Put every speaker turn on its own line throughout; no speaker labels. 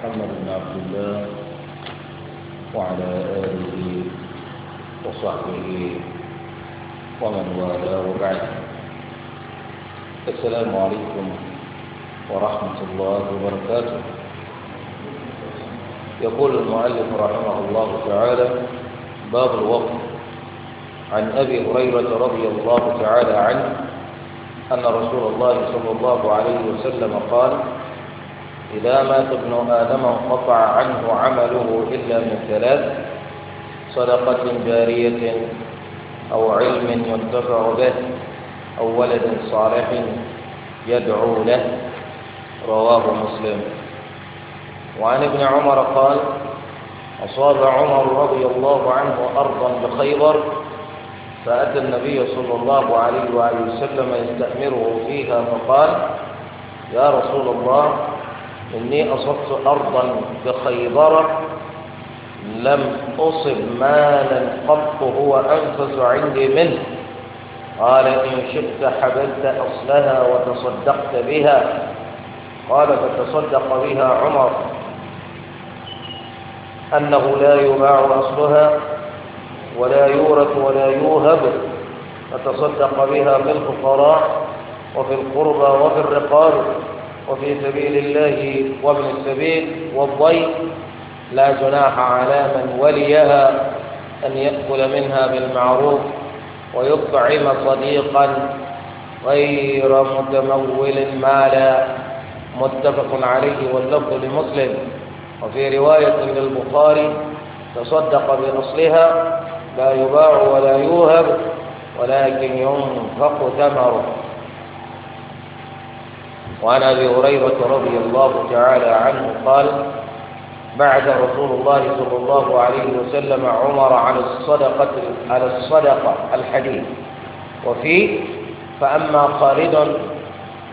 محمد بن عبد الله وعلى آله وصحبه ومن والاه وبعد السلام عليكم ورحمة الله وبركاته يقول المؤلف رحمه الله تعالى باب الوقت عن أبي هريرة رضي الله تعالى عنه أن رسول الله صلى الله عليه وسلم قال إذا مات ابن آدم انقطع عنه عمله إلا من ثلاث صدقة جارية أو علم ينتفع به أو ولد صالح يدعو له رواه مسلم وعن ابن عمر قال أصاب عمر رضي الله عنه أرضا بخيبر فأتى النبي صلى الله عليه وآله وسلم يستأمره فيها فقال يا رسول الله إني أصبت أرضا بخيبرة لم أصب مالا قط هو أنفس عندي منه قال إن شئت حبلت أصلها وتصدقت بها قال فتصدق بها عمر أنه لا يباع أصلها ولا يورث ولا يوهب فتصدق بها في الفقراء وفي القربى وفي الرقاب وفي سبيل الله وابن السبيل والضيف لا جناح على من وليها أن يأكل منها بالمعروف ويطعم صديقا غير متمول مالا متفق عليه واللفظ لمسلم وفي رواية للبخاري تصدق بأصلها لا يباع ولا يوهب ولكن ينفق ثمره وعن أبي هريرة رضي الله تعالى عنه قال بعد رسول الله صلى الله عليه وسلم عمر على الصدقة على الصدقة الحديث وفيه فأما خالد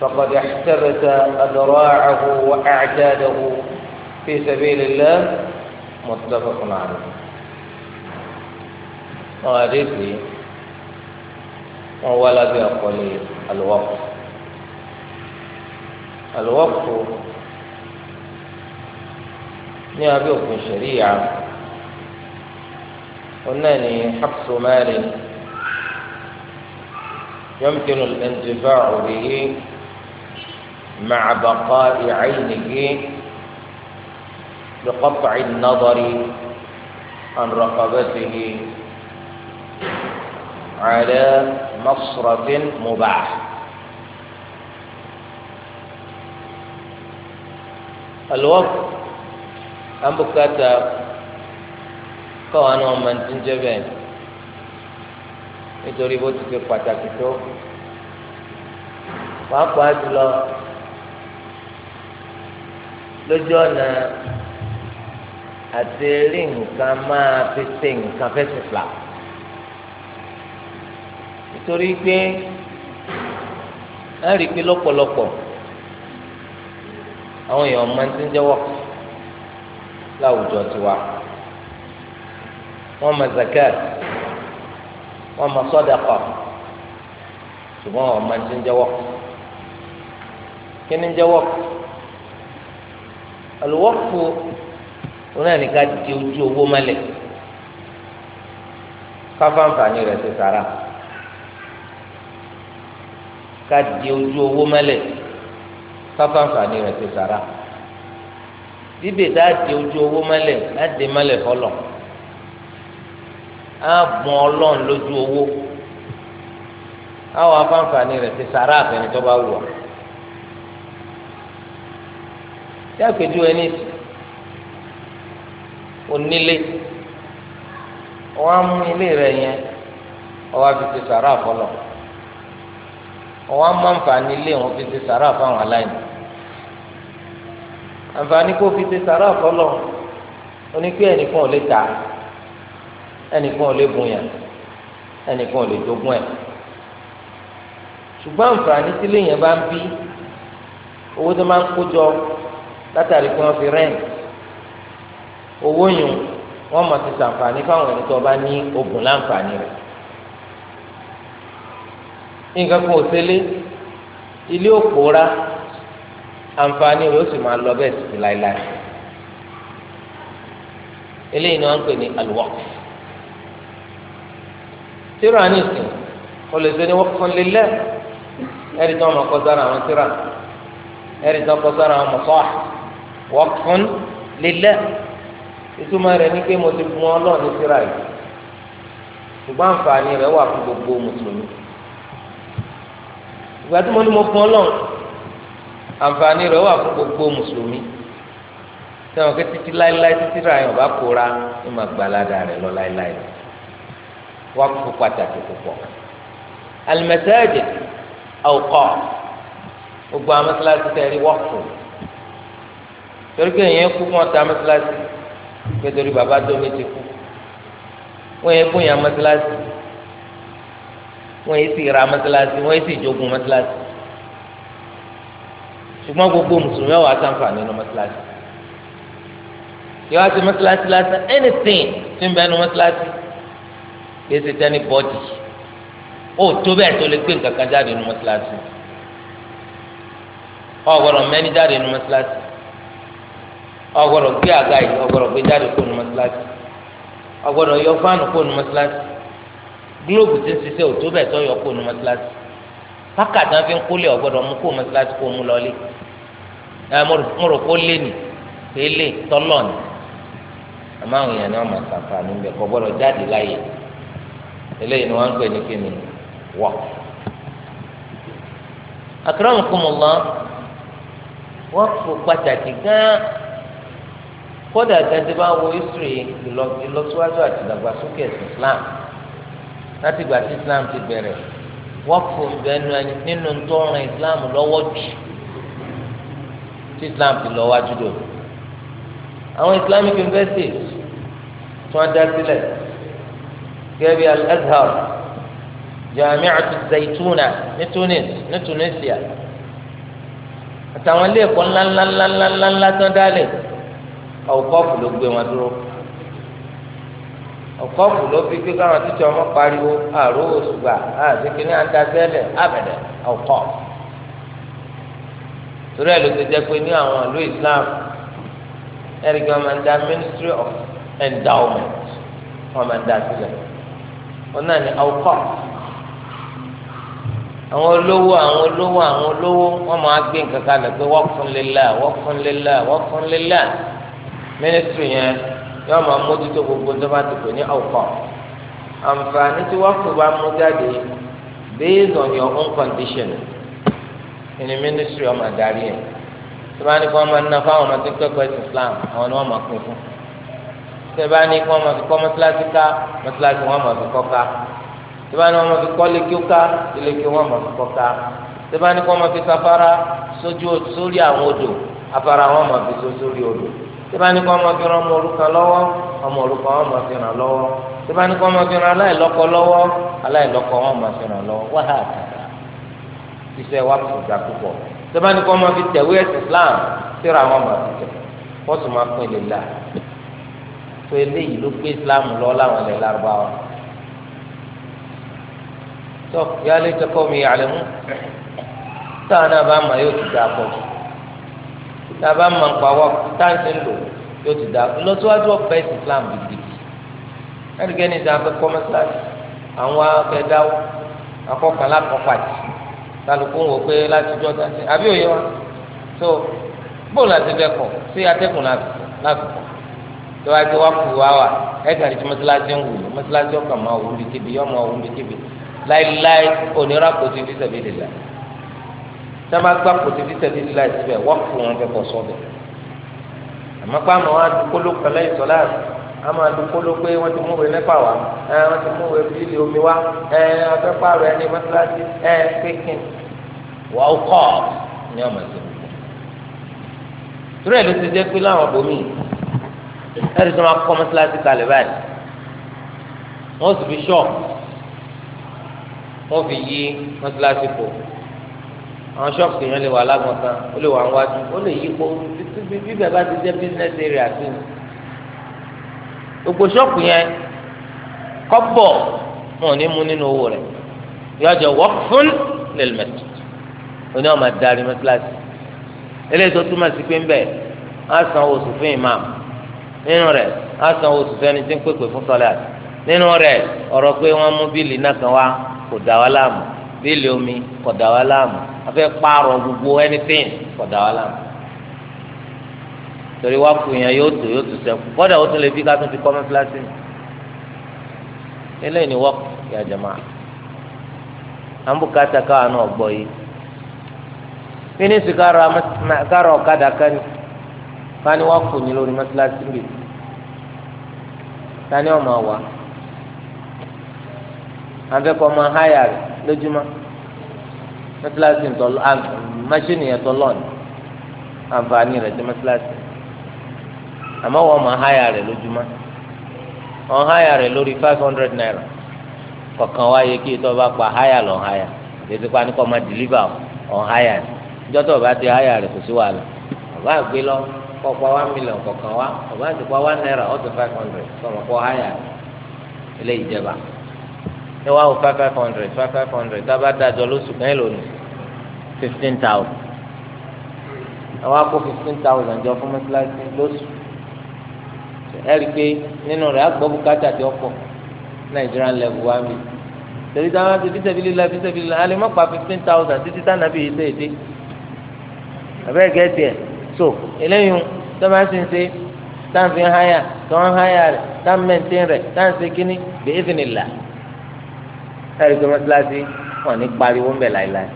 فقد احتبس أذراعه واعداده في سبيل الله متفق عليه وهذه وولد يقول الوقت àlùwọ́pù ní abẹ́ òfin ṣẹ̀ríyà ọ̀nà مال يمكن الانتفاع به مع بقاء عينه بقطع النظر عن رقبته على مصرة مباح alwaqf àbùkátà káwọn náà máa ń ti ń jẹ́ bẹ́ẹ̀ nítorí bó ti ṣe pàtàkì tó pàápàá jùlọ lójú ọ̀nà àti rí nǹkan máa fi ṣe nǹkan fẹ́sẹ̀ fìlà nítorí pé a pé lọ́pọ̀lọpọ̀ àwọn èèyàn máa ń ti ń jẹ́ wọ́ọ̀kì láwùjọ tiwa wọ́n máa zakat wọ́n máa sọ́dàkọ̀ ṣùgbọ́n wọ́n máa ti ń jẹ́ wọ́ọ̀kì kí ni ń jẹ́ wọ́ọ̀kì àlùwọ́ọ̀kì di ojú owó mọ́lẹ̀ káfáǹfààní rẹ̀ ti sára ká di ojú owó mọ́lẹ̀ káfáǹfààní rẹ̀ ti sàrà bíbè tá a di ojú owó mọ́lẹ̀ á di mọ́lẹ̀ fọlọ̀ á bùn ọlọ́run lójú owó àwọn afáǹfààní rẹ̀ ti sàrà àfẹnì tó bá wù ọ́ tí a pèjú ẹni onílé wọn á mú ilé rẹ̀ yẹn ọwọ́ àfi ti sàrà fọlọ̀ wọn á àǹfààní ilé wọn fi ti sàrà fáwọn aláìní àǹfààní kó fi ṣe sàrà fọlọ oníkú ẹnìkan ò lè tà ẹnìkan ò lè bùn yàn ẹnìkan ò lè jogún ẹ ṣùgbọ́n àǹfààní tí léèyàn bá ń bí owó tó máa ń kó jọ látàrí pé wọ́n fi rẹ́ǹt owó yùn wọ́n mọ̀ ti ṣàǹfààní fáwọn ẹni tó bá ní oògùn láǹfààní rẹ̀ nǹkan kan ò ṣẹlẹ̀ ilé òpòórá àǹfààní rẹ̀ ó sì máa lọ bẹ́ẹ̀ títí láéláé eléyìí ni wọ́n ń pè ní alwaqf tíra ní ìsìn o lè ṣe ní waqfun lillah ẹ̀rí tí wọ́n máa kọ sára àwọn tíra ẹ̀rí tí wọ́n kọ sára àwọn mọ̀sọ́à waqfun lillah ìtumọ̀ rẹ̀ ní pé mo ti fún ọ náà ní tíra yìí ṣùgbọ́n àǹfààní rẹ̀ wà fún gbogbo mùsùlùmí ìgbà tí mo ní mo fún ọ náà àǹfààní rẹ̀ wà fún gbogbo mùsùlùmí sẹ́wọ̀n kí títí láéláé títí ra yẹn ọba kóra ẹ máa gbalada rẹ̀ lọ láéláé wá fún pàtàkì púpọ̀ alimẹsẹ́ẹ̀dì ọ̀kọ́ gbogbo àwọn mẹsàlásì tẹ̀rí wọ́ọ̀kù torí pé èèyàn kú fún ọ̀tá mẹsàlásì pé torí bàbá tó ní ti kú wọ́n yẹ kó yàn mẹsàlásì wọ́n yẹ sì ra mẹsàlásì wọ́n yẹ sì jogun mẹsàlásì ṣùgbọ́n gbogbo mùsùlùmí ọ̀wà sáǹfà nínú mọ́sálásí yọ wá sí mọ́sálásí lásán anything tí ń bẹ nínú mọ́sálásí kìí ṣe tẹ́ni bọ́dì ó tó bẹ́ẹ̀ tó lè gbé nǹkan kan jáde nínú mọ́sálásí ọ mẹ́ni jáde nínú mọ́sálásí ọ gbé àga yìí ọ gbé jáde kó nínú mọ́sálásí ọ yọ fáànù kó nínú mọ́sálásí gílóòbù tí ń ṣiṣẹ́ ò tó bẹ́ẹ̀ tó yọ kó nínú mọ́sálásí pákàtà fi ń kólé ọ mú kó mọ́sálásí kó mú lọlé ẹ eh, mo rò kó lé ní tẹ́lẹ̀ tọ́lọ̀ ní àmọ́ àwọn èèyàn ni wọ́n máa sàǹfà níbẹ̀ kọ́ gbọ́dọ̀ jáde láàyè eléyìí ni wọ́n ń pè ní kíni wọ́. akramakumullah wọ́n fò pàtàkì gan kódà gẹ́gẹ́ bá wo history ìlọsíwájú àti ìdàgbàsókè ẹ̀sìn Islam láti ìgbà tí Islam ti bẹ̀rẹ̀ wọ́n fò bẹ́ẹ̀ nínú tó ń ran Islam lọ́wọ́ jù tí islam fi lọ wájú dò àwọn islamic universities tí wọ́n dá sílẹ̀ gẹ́gẹ́ bí al-azhar jami'atu zaituna ní tunis ní tunisia àtàwọn ilé ẹ̀kọ́ ńláńláńláńláńlá tán dálẹ̀ ọ̀kọ́ọ̀fù ló gbé wọn dúró ọ̀kọ́ọ̀fù ló fi gbé káwọn títí ọmọ pariwo àrò òṣùgbà àti kíní àńdá sẹ́lẹ̀ àbẹ̀dẹ̀ ọ̀kọ́ọ̀fù torí ẹ̀ ló ti jẹ́ pé ní àwọn ìlú Islam ẹ̀ríkì wọn máa ministry of endowment wọn máa ń da sílẹ̀ wọn náà ní awukọ́ àwọn olówó àwọn olówó àwọn olówó wọn máa gbé nǹkan kalẹ̀ pé wọ́n fún lélẹ̀ wọ́n fún lélẹ̀ wọ́n fún lélẹ̀ ministry yẹn yóò máa mójútó gbogbo tó bá ti pè ní awukọ́ àǹfààní tí wọ́n fún bá mú jáde based on your own condition ẹni mínísírì ọmọ àdarí ẹ̀ tí wọ́n bá ní kí wọ́n máa ná fáwọn ọmọ tó kẹ́kọ̀ọ́ ẹ̀sìn Islam àwọn ni wọ́n máa pín fún tí wọ́n bá ní kí wọ́n máa fi kọ́ mọ́tíláṣí ká mọ́tíláṣí wọ́n máa fi kọ́ ká tí wọ́n bá ní wọ́n máa fi kọ́ lékiw ká lékiw wọ́n máa fi kọ́ ká tí wọ́n bá ní kí wọ́n máa fi safara sójú sórí àwọn odò afara wọ́n máa fi so sórí odò tí wọ́n ní kí wọ́n máa fi ràn ọmọ òrukàn lọ́wọ́ ọmọ òrukàn wọ́n máa fi ràn lọ́wọ́ tí wọ́n ní kí wọ́n máa fi ràn aláìlọ́kọ lọ́wọ́ aláìlọ́kọ wọ́n máa fi ràn lọ́wọ́ wáhà àtàkà iṣẹ́ wa kò gbà púpọ̀ sẹ́bàánì kọ́ máa fi tẹ̀wé ẹ̀sìn Islam síra wọn máa fi tẹ̀ fọ́ọ̀tù máa pín ilé la tó eléyìí ló gbé Islam lọ láwọn ilẹ̀ lárúbáwá tó yálé tẹkọ mi yàlẹ mú táwọn náà bá máa yóò ti dáa pọ̀ tá a bá máa ń pa wọ́ọ̀ táǹsì ń lò yóò ti dáa lọ́síwájú ọ̀pẹ́ ẹ̀sìn Islam gidigidi ẹnikẹ́ni tí a fẹ́ kọ́ mẹ́sàlásì àwọn akẹ́dáwó akọ́kànlá kọ́ kálukú ń wò pé látijọ́ dáṣe àbí òye wa so bóòlù àti dẹkọ̀ sí atẹ́kùn lásìkò tó wá ti wá kú wá wà ẹ̀ka ní ti mọ́tíláṣí ń wù ní mọ́tíláṣí ọkàn máa wù ní kíbi yọ́mọ wù ní kíbi láéláé onírà kò ti fi sẹ̀bi lè la sábà gbà kò ti fi sẹ̀bi lè la síbẹ̀ wọ́n fún wọn fẹ́ kọ́ sọ́dọ̀ àmọ́ pàmò wọn adúgbò ló kọ́ lẹ́yìn sọ́láàtì a máa dùn kóló pé wọ́n ti múwèé mẹ́fà wá ẹ wọ́n ti múwèé bílíọ̀nù omi wá ẹ afẹ́ pààrọ̀ ẹni mọ́tíláṣí ẹ pékin wà ó kọ́ ní ọmọ ìṣẹ̀lẹ̀ torí ẹ̀ ló ti jẹ́ pé láwọn bòmíì ẹ̀rí tó máa kọ́ mọ́tíláṣí kalẹ̀ báyìí wọ́n sì fi ṣọ́ọ̀bù wọ́n fi yí mọ́tíláṣí kù àwọn ṣọ́ọ̀bù kìíyàn lè wà lágbọ̀n kan ó lè wà ń wájú ó lè yí kó bíbẹ̀ bá ti jẹ́ bísínẹ́sì rẹ̀ àti gbogbo ṣọ́ọ̀pù yẹn kọ́bọ̀ wọn ò ní mú nínú owó rẹ̀ yọjọ waqfun lil masjid oní ọmọ adarí mẹsàlásì eléyìí tó túmọ̀ sí pé ń bẹ̀ á san oṣù fún imam nínú rẹ̀ á san oṣù fẹ́ni tí ń pèpè fún sọ́láàt nínú rẹ̀ ọ̀rọ̀ pé wọ́n mú bíìlì náà kan wá kò dá wa láàmú bíìlì omi kò dá wa láàmú a pààrọ̀ gbogbo anything kò dá wa láàmú torí wá fún yẹn yóò tó yóò tó sẹ́kù kọ́dà ó tún lè fi ká tún fi kọ́ mẹ́fìlásì mi eléyìí ni wọ́ọ̀kù yà jẹ̀mọ́ àmbùkátà káwọn náà gbọ́ yìí fínísì kárọ̀ ọ̀kadà kání kání wá fún yín lórí mẹ́fìlásì mi tani ọmọ wa afẹ́kọ̀ọ́ máa háyà rẹ̀ lójúmọ́ mẹ́fìlásì ntọ́lọ́ máṣínì yẹn tọ́lọ́ ni àǹfààní rẹ̀ jẹ́ mẹ́fìlásì àmọ́ wọ́n máa háyà rẹ̀ lójúmọ́ wọ́n háyà rẹ̀ lórí five hundred naira kọ̀ọ̀kan wáyé kí ètò ọba pa háyà lọ́n háyà ètò ìpa nípa ọmọ dìlíbà ọ̀n háyà ni ìjọ́ tó ọba ti háyà rẹ̀ kò sí wàhálà ọba àgbé lọ kọ́ pa one kọ̀ọ̀kan wá ọba àti pa one naira ọ̀tún five hundred sọ̀rọ̀ pọ̀ háyà rẹ̀ ilé ìjẹba ní wàá wò five five hundred five five hundred dábàá dájọ lóṣù kan fifteen thousand àwọn akó fifteen thousand jọ fún mọ́tíláṣí lóṣù ẹ rí i pé nínú rẹ̀ àgbọ̀ bùkátà tí ó pọ̀ Nigerian level wa mi tẹ̀lé tí a máa ti fi sẹ́bi lílá fi sẹ́bi lílá alẹ́ mọ́pá fifteen thousand títí sáná bí ìṣe èdè abẹ́rẹ́ gẹ̀ẹ́sì ẹ̀ so eléyìí tó máa ti ń ṣe táǹfì ń háyà tó ń háyà rẹ̀ táǹmẹ̀ntì rẹ̀ táǹsì kínní bẹ́ẹ̀ fi nìlà ẹ̀rí tó mọ́sálásí wọn ní pariwo ń bẹ̀ láìláì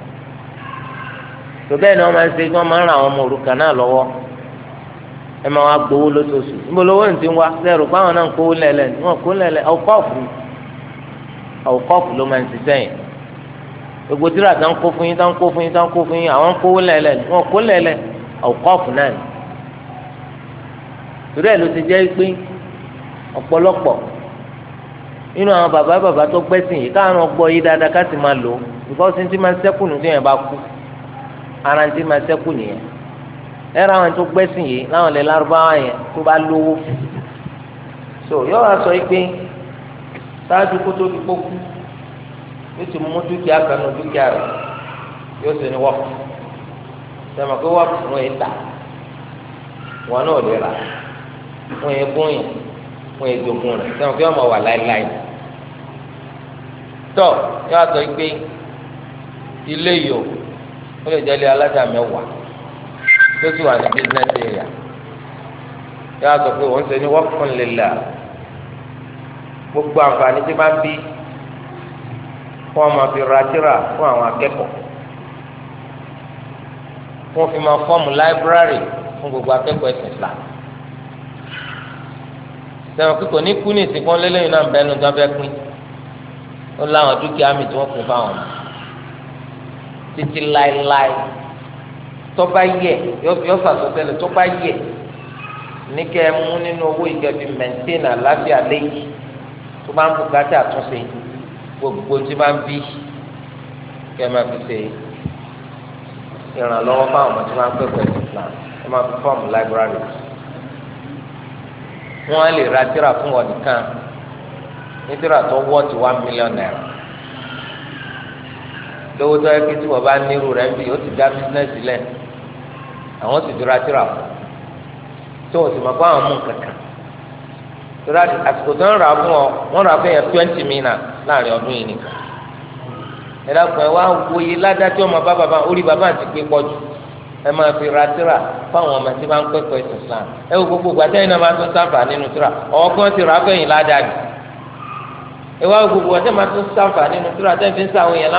tó bẹ́ẹ̀ ni wọ́n máa ń ṣe kí wọ́n máa ń ran àwọn ọmọ òrukàn náà lọ́wọ́ ẹ máa wá gbowó lóṣooṣù níbo lówó ní ti ń wá lẹ́rù báwọn náà ń kówó lẹ́lẹ̀ ní wọn kó lẹ́lẹ̀ ọ̀kọ́ọ̀fù ọ̀kọ́ọ̀fù ló máa ń ṣiṣẹ́ yẹn gbogbo tíra tá ń kó fún yín tá ń kó fún yín tá ń kó fún yín àwọn ń kówó lẹ́lẹ̀ ní wọn kó lẹ́lẹ̀ ọ̀kọ́ọ̀fù náà ni torí ẹ̀ ló ti jẹ́ pé ọ̀pọ̀lọpọ̀ nínú àwọn bàbá bàbá tó gbẹ́sìn yìí káwọn gbọ́ yìí dáadáa ká sì máa lò ó ẹ̀rọ àwọn tó gbẹ́sìn yìí láwọn ilẹ̀ lárúbáwá yẹn tó bá lówó so yóò wá sọ pé sáájú kó tó di kpókú yóò ti mú dúkìá kanú dúkìá rẹ yóò sì ní wọ́pù sẹ́mi pé wọ́pù wọn yìí tà wọn náà lè rà wọn yìí gún yìí wọn yìí dogun rẹ sẹ́mi pé wọ́n mọ̀ wà láéláé tọ́ yóò wá sọ pé ilé yìí o ó lè jẹ́ ilé alájà mẹ́wàá tó sì wà ní business area yóò sọ pé òun ṣe ní work fún lila gbogbo àǹfààní tí máa ń bí fún ọmọ fi ra tíra fún àwọn akẹ́kọ̀ọ́ fún fi máa fọ́ọ̀mù láìbírárì fún gbogbo akẹ́kọ̀ọ́ ẹ̀sìn Islam sẹ́wọ̀n kíkọ́ ní kú ní ìsìnkú lélẹ́yìn náà bẹ́ẹ̀ nu tó fẹ́ pín ó láwọn dúkìá mi tí wọ́n kún fáwọn títí láéláé tọ́ba yẹ yọ sàtọ́sẹ́lẹ̀ tọ́ba yẹ ní kẹ́ ẹ mú nínú owó ìjẹbi mẹ́ntẹ́nì àlàáfíà lẹ́yìn tó bá ń bùkátà àtúnṣe gbogbo tí bá ń bí kẹ́ ẹ máa fi ṣe ìrànlọ́wọ́ fáwọn ọmọ tí wọ́n á pẹ́ pẹ̀lú Islam ẹ máa fi fọ́ọ̀mù library wọ́n á lè ra tíra fún ọ nìkan ní tíra tó wọ́ ti one million naira lówó tó yẹ kí tí wọ́n bá nírú rẹ̀ ń bì ó ti dá bísínẹ́sì lẹ́nu. àwọn sì dúró àtìrà fún tó o sì mọ̀ pé àwọn mú kankan torí àsìkò tó ń rà fún ọ wọ́n rà fún yẹn twenty mina láàrin ọdún yìí nìkan ẹ dákun ẹ wá wòye ọmọ bá bàbá orí bàbá àti pé pọ̀ ẹ máa fi ra tírà fáwọn ọmọ tí pẹ́ pẹ́ ẹ wò gbogbo náà máa tún sáfà nínú ti rà ẹ wá gbogbo gbàtẹ́yìn máa tún sáfà nínú tírà tẹ́yìn fi ń sàwọn yẹn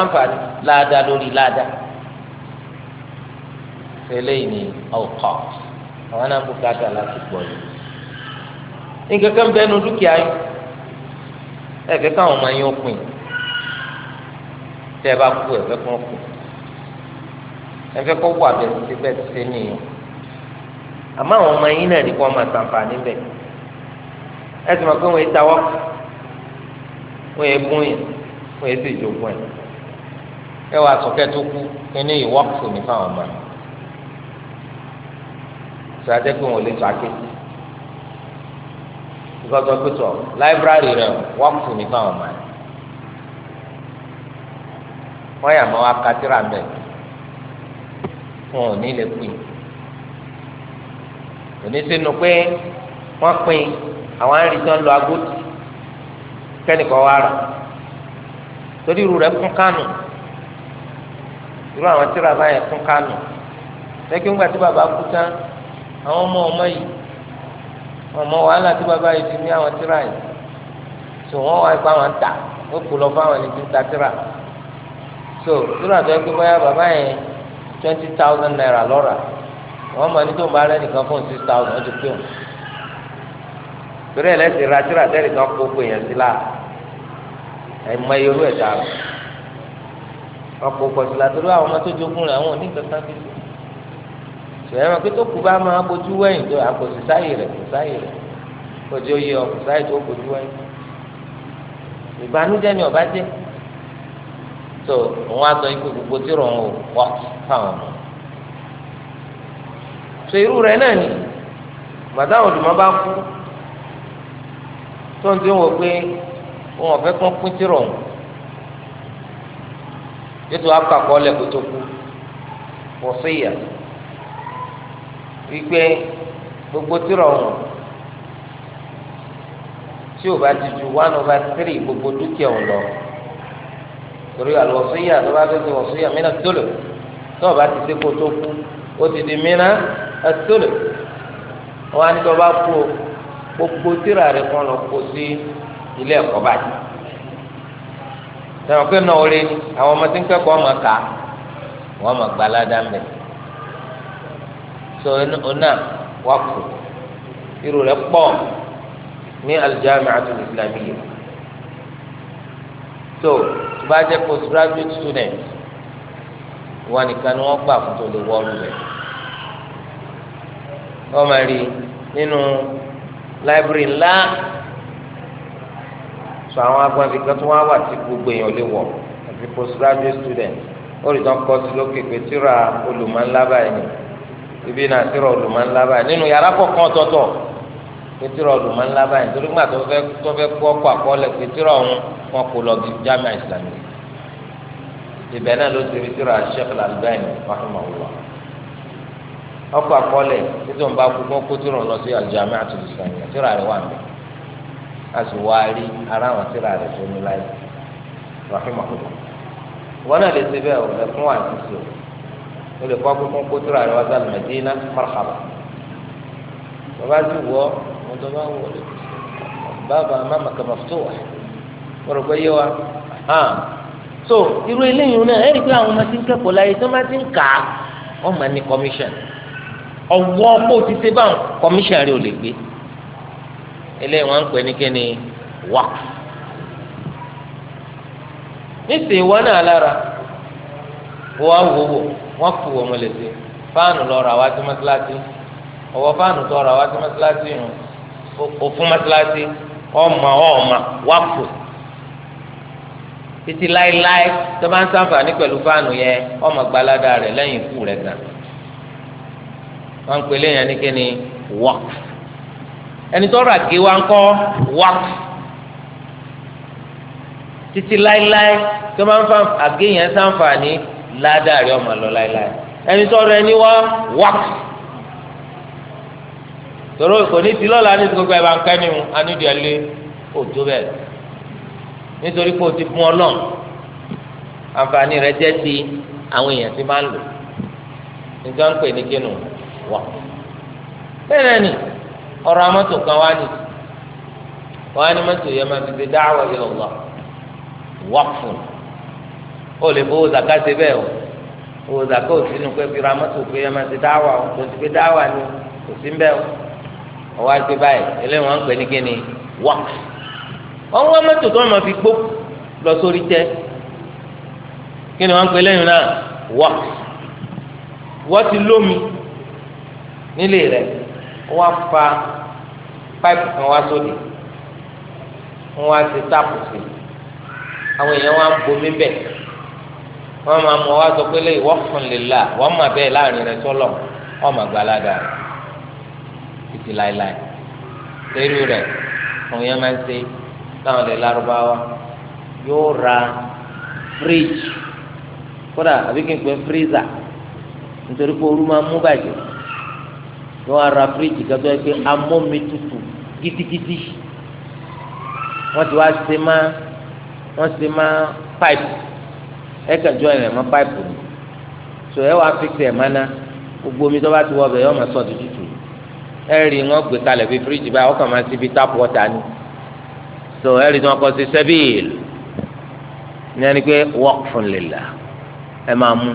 eléyìí ni ọkọ àwọn náà kú káàtà láti gbọ́ yìí nǹkan kan bẹ́ẹ̀ nu dúkìá yìí ẹ̀fẹ́ káwọn máa yín òpin tẹ́ ẹ bá kú ẹ̀fẹ́ kan kù ẹ̀fẹ́ kọ́ wà bẹ́ẹ̀ ti bẹ́ẹ̀ ti ṣe nìyẹn àmọ́ àwọn ọmọ yín náà ní kó máa ṣàǹfààní bẹ́ẹ̀ ẹ sì mọ̀ pé wọ́n yé tawọ́ wọ́n yé gún yìí wọ́n yé sì jogún ẹ̀ ẹ wàá sọ̀kẹ́ tó kú kí ní ìwọ́pù ní fáwọn sàdé pé wọn lè tó aké ìgbàgbọ́ pé tọ̀ láìbírárì rẹ̀ wọ́n kù ní fáwọn ọmọ rẹ̀ wọ́n yà máa wá katira mẹ́ wọn ò ní lè pin onísìnú pé wọ́n pin àwọn arìnrìn lọ agbóti kẹ́nìkan wá rà torí irú rẹ̀ kún kánù irú àwọn tíra báyẹn kún kánù lẹ́kìn ńgbà bàbá kú tán àwọn ọmọ ọmọ yìí ọmọ wàhálà tí bàbá yìí ti ní àwọn tíra yìí tó wọn wá ipa wọn ta ó kú lọ fún àwọn ẹni tí ń ta tíra so tíra tó yẹ pé bóyá bàbá yẹn twenty thousand naira lọ́ra wọn mọ ní tó ń bá rẹ nìkan fún six thousand ó ti pé òun torí ẹ lẹ́sìn ra tíra tẹ́lẹ̀ kan kó pè yẹn sí la ẹ mọ iye olú ẹ̀ dára torí àwọn ọmọ tó jogún rẹ̀ àwọn ò fi sí sọ̀rọ̀ ẹ̀ pé tó kú bá máa bójú wẹ̀yìn tó àkòsí sáyè rẹ̀ kò sáyè rẹ̀ kòtí oyè ọ̀kò sáyè tó bójú wẹ̀yìn ìbànújẹ́ ni ọba jẹ́ tó òun á sọ ikú gbogbo tí rò ń wọ́ fáwọn ọmọ tó irú rẹ̀ náà ni bàtà olùmọ̀ bá kú tó ń tí ń wò pé òun ọ̀fẹ́ kún pín tí rò ń yóò tó akọ àkọọ́lẹ̀ kó tó kú wọ́n fẹ́yà wípé gbogbo tírà ọ̀hún tí o bá ti ju one over three gbogbo dúkìá ọ̀hún lọ torí àlùwọ̀sọ́yà tó bá fẹ́ẹ́ wọ̀sọ́yà mìíràn tólò tó o bá ti ṣe kó tó kú ó ti di mìíràn tólò wọn á ní tó o bá kú o gbogbo tírà rẹ kan lọ kó sí ilé ẹ̀kọ́ báyìí sọ̀rọ̀ pé náà ó lé àwọn ọmọ tí ń kẹ́kọ̀ọ́ ọmọ ká wọ́n mọ̀ gbalada mẹ́ta so ona wakfu irú rẹ̀ pọ̀ ní aljami'atul islamiyya so tó bá jẹ́ postgraduate student wọn nìkan ni wọ́n gbà fún tó lè wọlú rẹ̀ wọ́n máa rí nínú library ńlá so àwọn agbọ̀n ibìkan tó wọ́n wà tí gbogbo èèyàn lè wọ̀ àti postgraduate student ó rí tán kọ́ sí lókè pé tíra olùmọ̀ ńlá báyìí ibi náà tí rọọlù máa ń lá báyìí nínú yàrá kọ̀ọ̀kan tọ̀tọ̀ pé tí rọọlù máa ń lá báyìí nítorí gbà tó fẹ́ tó fẹ́ kọ́ ọkọ̀ àkọọ́lẹ̀ pé tí rọọlù wọn kò lọ bí jamiu islami ibẹ̀ náà ló ti rí tí rọọlù Sheikh Al-Albani rahimahullah ọkọ̀ àkọọ́lẹ̀ tí tó ń bá kú kó tí rọọlù lọ sí al-Jami'atu al-Islamiyya tí wà mí a sì wá rí ara àwọn tí rọọlù tó ní láyé rahimahullah wọn náà lè ti bẹ́ẹ̀ ò o lè kọ́ akókó kó tóra rẹ wá sálọ mẹdínà marhaba bàbá sì wọ ọdọ bá wọ bàbá mama kà mọ̀fútó wà kọ̀rọ̀ pé yé wa so irú eléyìí náà ẹ̀rí pé àwọn ọmọ ti ń kẹ́kọ̀ọ́ láyé tí wọ́n bá ti ń kà á wọ́n máa ní commission ọwọ́ kó o ti ṣe báwọn commission rẹ ò lè gbé eléyìí wọ́n ń pè ní kíni wákù nísìnyí wọn náà lára wọ́n á wò wò wọ́n fò wọ́n lè ṣe fáànù lọ rà wá sí mọ́sálásí ọ̀wọ́ fáànù tó rà wá sí mọ́sálásí yìí ó fún mọ́sálásí ọmọ ọmọ wá fò títí láéláé tó bá ń ṣàǹfààní pẹ̀lú fáànù yẹn ọmọ gbalada rẹ̀ lẹ́yìn ikú rẹ̀ gan wọ́n ń pèlè yẹn ní kíni wọ́k ẹni tó rà gé wa ń kọ́ wọ́k títí láéláé tó bá ń fa àgé yẹn ṣàǹfààní ládàrí ọmọ lọ láéláé ẹni tọrọ ẹni wá wá tọrọ kò ní ti lọ́la ní gbogbo ẹ̀ bá ń kẹ́ni mu anídìí ẹ̀ lé òtó bẹ́ẹ̀ nítorí pé o ti fún ọlọ́run àǹfààní rẹ jẹ́ ti àwọn èèyàn ti máa ń lò nígbà ń pè ní kínú wà. bẹ́ẹ̀ náà ni ọ̀rọ̀ amọ́tò kan wá ní wọ́n á ní mọ́tò yẹn máa fi ṣe dáhùn ilẹ̀ wà wákùn ó lè fowó zaka ṣe bẹ́ẹ̀ o owó zaka ò sínú pé fira mọ́tò pé ẹ máa ṣe dáwà o tó ti pé dáwà ni kò sí bẹ́ẹ̀ o ọwọ́ àti báyìí eléyìí wọ́n ń pè ní kíni wọ́k wọ́n wá mọ́tò tó wọ́n máa fi gbó lọ sórí tẹ́ kíni wọ́n ń pè náà wọ́k wọ́n ti lómi nílé rẹ̀ wọ́n fa páìpù kan wá sóde wọ́n wá ṣe táàpù sí àwọn èèyàn wá bomi bẹ́ẹ̀ wọn máa mọ wá sọ pé lè wọ́pọ̀n lè la wọ́n máa bẹ́ẹ̀ láàrin rẹ sọ́lọ̀ wọ́n máa gba aládàá rẹ títí láéláé lérú rẹ òun yẹn máa ń ṣe táwọn lè lárúbáwá yóò ra fíríjì kódà àbí kí n pè fírízà nítorí pé ooru máa mú bàjẹ́ yóò wá ra fíríjì kátó yẹ pé amómi tutù gidigidi wọ́n ti wá ṣe má wọ́n ṣe má páìpù ẹ kàn jọ ẹ̀rẹ̀ mọ́ ni so ẹ wàá fíkì ẹ̀ mọ́ná gbogbo omi tó bá ti wọ ọbẹ̀ yọ ọmọ sọ di tútù ẹ rí wọn gbé kalẹ̀ bí fíríjì báyìí ọkàn máa ti bi tap water ni so ẹ rí wọn kọ́ sí sẹ́bìl ní ẹni pé waqfun lillah ẹ máa mú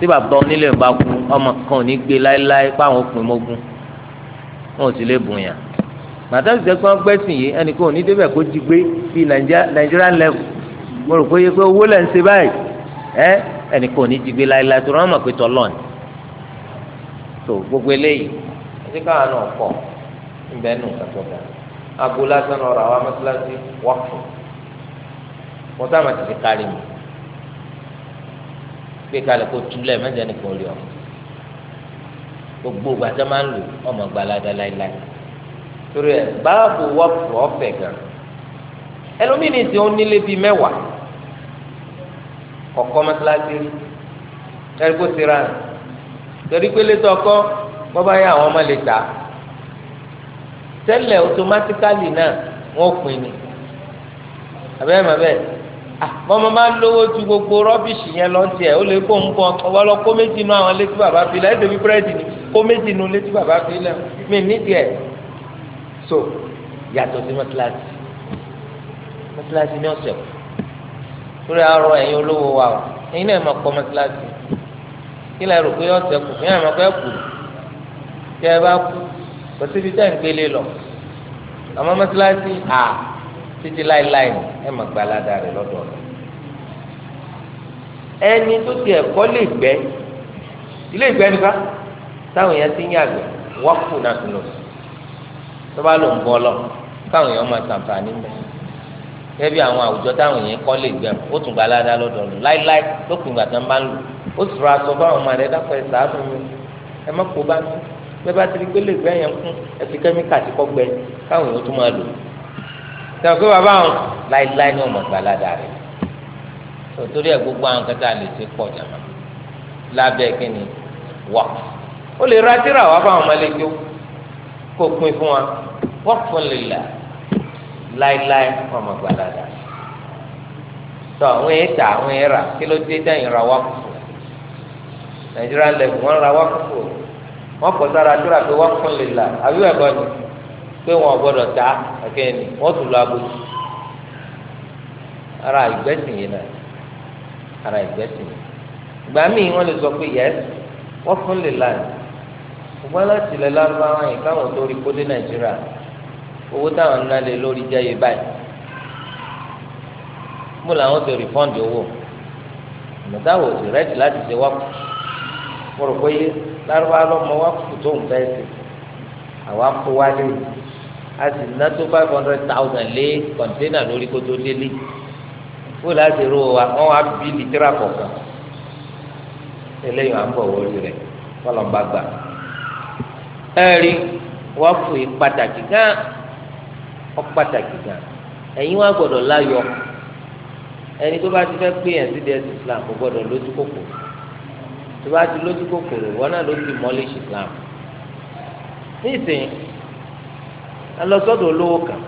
tí bàbá onílé bá kú ọmọ kan ò ní gbé láéláé páwọn òpin mọ́gún wọn ò sì lè bùn yàn màtá ti sẹ́kọ́ gbẹ́sìn yìí ẹnì kan ní débẹ̀ kó jí gbé bíi Nigerian level mo rò pé owó lẹ́ ń ṣe báyìí. ẹ ẹnìkan ní jí gbé láéláé rán mọ̀ pé tó gbogbo eléyìí ẹtí káwọn náà kọ̀ níbẹ̀ nù kàtọ́gà agbo lásán ọ̀rọ̀ àwọn mọ́tíláṣí wọ́pù wọ́n sábà ti fi kárí mi gbé kalẹ̀ kó túlẹ̀ nìkan rí ọ gbogbo gbàtẹ́ máa ń lò ọmọ gbalada torí ẹ báàbò ó nílé bíi ọ̀kọ́ mọ́sálásí ẹ̀rí kó sera rẹ̀ torí pé létọ́ ọkọ́ wọ́n bá yá àwọn ọmọ lè tà á tẹ́lẹ̀ automatically náà wọ́n pin ni àbẹ́rẹ́ màbẹ́ mọ́mọ́ máa ń lówó ju gbogbo rọ́bìṣì yẹn lọ tiẹ̀ ó lè kó ń bọ̀ ọwọ́ lọ kó méjì nu àwọn létí bàbá fi lẹ́ ẹ̀dẹ̀bí búrẹ́dì ni kó méjì nu létí bàbá fi lẹ́ mi nídìí ẹ̀ so yàtọ̀ sí mọ́tíláṣí mọ́tíláṣí ni ọ̀sẹ̀ kù torí arọ ẹ̀yin olówó wa o ẹ̀yin náà máa kọ́ mọ́sálásí kí lẹ rò pé ọ̀sẹ̀ kù kí náà máa fẹ́ kù tẹ́ ẹ bá kù kò síbi tẹ́ ń gbélé lọ àmọ́ mọ́sálásí à títí láéláé ẹ máa gba aládàá rẹ lọ́dọ̀ rẹ ẹni tó ti ẹ̀kọ́ lè gbẹ́ ilé ìgbẹ́ nípa táwọn èèyàn ti ń yàgbẹ́ wọ́pù náà tó lọ tó bá lò ń bọ́ lọ káwọn èèyàn máa tàǹfààní mẹ́rin kẹbi àwọn àwùjọ táwọn yẹn kọ́ lè gbẹ̀m ó tún gba aládàá lọ́dọ̀ nù láíláí lópin ìgbà tán bá ń lò ó sì rọra sọ fáwọn ọmọ rẹ dákọ̀ ẹ̀ sàánú mi ẹ má kó bá mi bẹ́ẹ̀ bá ti rí pé lè gbẹ́ yẹn kún ẹ fi kẹ́míkà sí kọ́gbẹ́ káwọn yẹn tún máa lò sọ pé bàbá àwọn láíláí ni wọn mọ̀ gba rẹ torí ẹ gbogbo àwọn kẹta lè ṣe pọ̀ jàmá lábẹ́ kínní wà ó lè ra tíra wá fáwọn ọmọ lẹ́jọ́ láéláé wọn mọ gbà dáadáa tọ àwọn èyí tà àwọn èyí rà kí ló dé dẹ́yìn ra nàìjíríà ra wákùkù wọn kọ sára dúrà pé wákùkù lè là àbí wẹ̀ bọ́ni pé wọn gbọ́dọ̀ ta ẹ̀kẹ́ ni tún ara ìgbẹ́sìn yìí ara ìgbẹ́sìn yìí ìgbà míì wọ́n lè sọ pé yẹ́s wọ́n fún lè là ṣùgbọ́n láti ilẹ̀ tó owó táwọn ńlá lé lórí jẹ́ yé báyìí mo làwọn ti rìfọ́ǹdì owó mọ̀táwò sì rẹ́ẹ̀tì láti ṣe wákù mo rò pé lárúbá lọ́mọ wákù tó ń fẹ́ sí àwa kó wálé a sì ná tó five hundred thousand lé kọ̀ǹténà lórí kótó délé fún láti ro wa wọn wá bí lítírà kọ̀ọ̀kan eléyìí à ń bọ̀ wọlé rẹ̀ kọ́lọ̀ ń bá gbà ẹ̀rí wákù yìí pàtàkì gan-an. ọ pàtàkì gan ẹ̀yin wa ẹni tó bá ti fẹ pé yẹn sí dẹ́sí islam kò gbọ́dọ̀ lójú kòkòrò tó bá ti lójú kòkòrò wọn náà ló ti islam nísìnyí alọ́sọ́dọ̀ olówó kan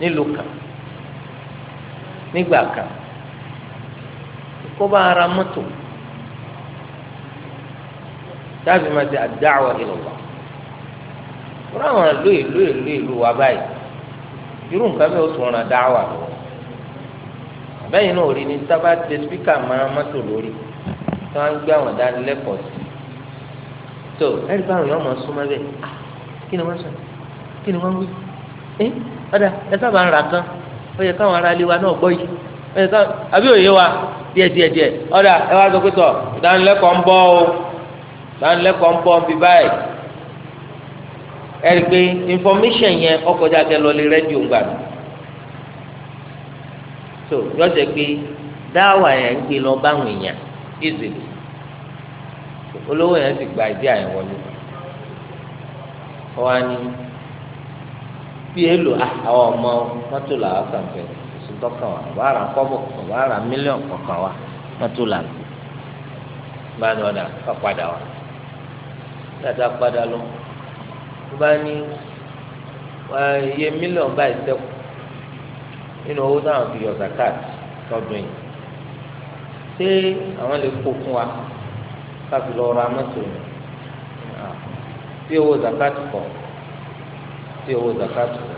nílùú kan nígbà kan kó bá ara wọn àwọn ìlú ìlú ìlú ìlú wa báyìí irú nǹkan mi ò tún ràn dá wà lọ bẹ́ẹ̀ náà rí ni sábà tẹ spíkà máa mọ́tò lórí tí wọ́n á gbé àwọn ìdánilẹ́kọ̀ọ́ sí tó ẹ̀rí báwọn èèyàn máa súnmọ́ bẹ́ẹ̀ ah, kí ni wọ́n sọ kí ni wọ́n wí ẹ́ eh, ọ̀dà ẹ sábà ń ra kan ó yẹ káwọn ará wa náà gbọ́ yìí ó yẹ káwọn àbí òye wa díẹ̀ díẹ̀ díẹ̀ ọ̀dà ẹ wá sọ pé tọ̀ ìdánilẹ́kọ̀ọ́ ń bọ̀ ọ́ ìdánilẹ́kọ̀ọ́ ń bọ̀ ọ́ bíi báyìí ẹ̀rí pé information yẹn ọkọjá kẹ lọ lé rédíò gbà mí so yọjẹ pé dáwà yẹn ń gbé lọ báwọn èèyàn easily olówó yẹn sì gba ìdí àyẹ̀wò wọlé ọwọ́ ni bí èlò ah, àwọn ọmọ mọ́tò làwọn kàn fẹ́ oṣù tọ́kàn wa ọba àrà kọ́bọ̀ ọba àrà mílíọ̀nù kọ̀ọ̀kan wa mọ́tò làwọn gbà ní ọ̀dà ká padà wa dáadáa padà lọ́wọ́ tó bá ní eh, iye mílíọ̀nù báyìí sẹ́kù nínú owó táwọn fi yọ zakat lọ́dún yìí ṣé àwọn lè kó fún wa káfí lọ ra mọ́tò yìí tí owó zakat kọ̀ tí owó zakat kọ̀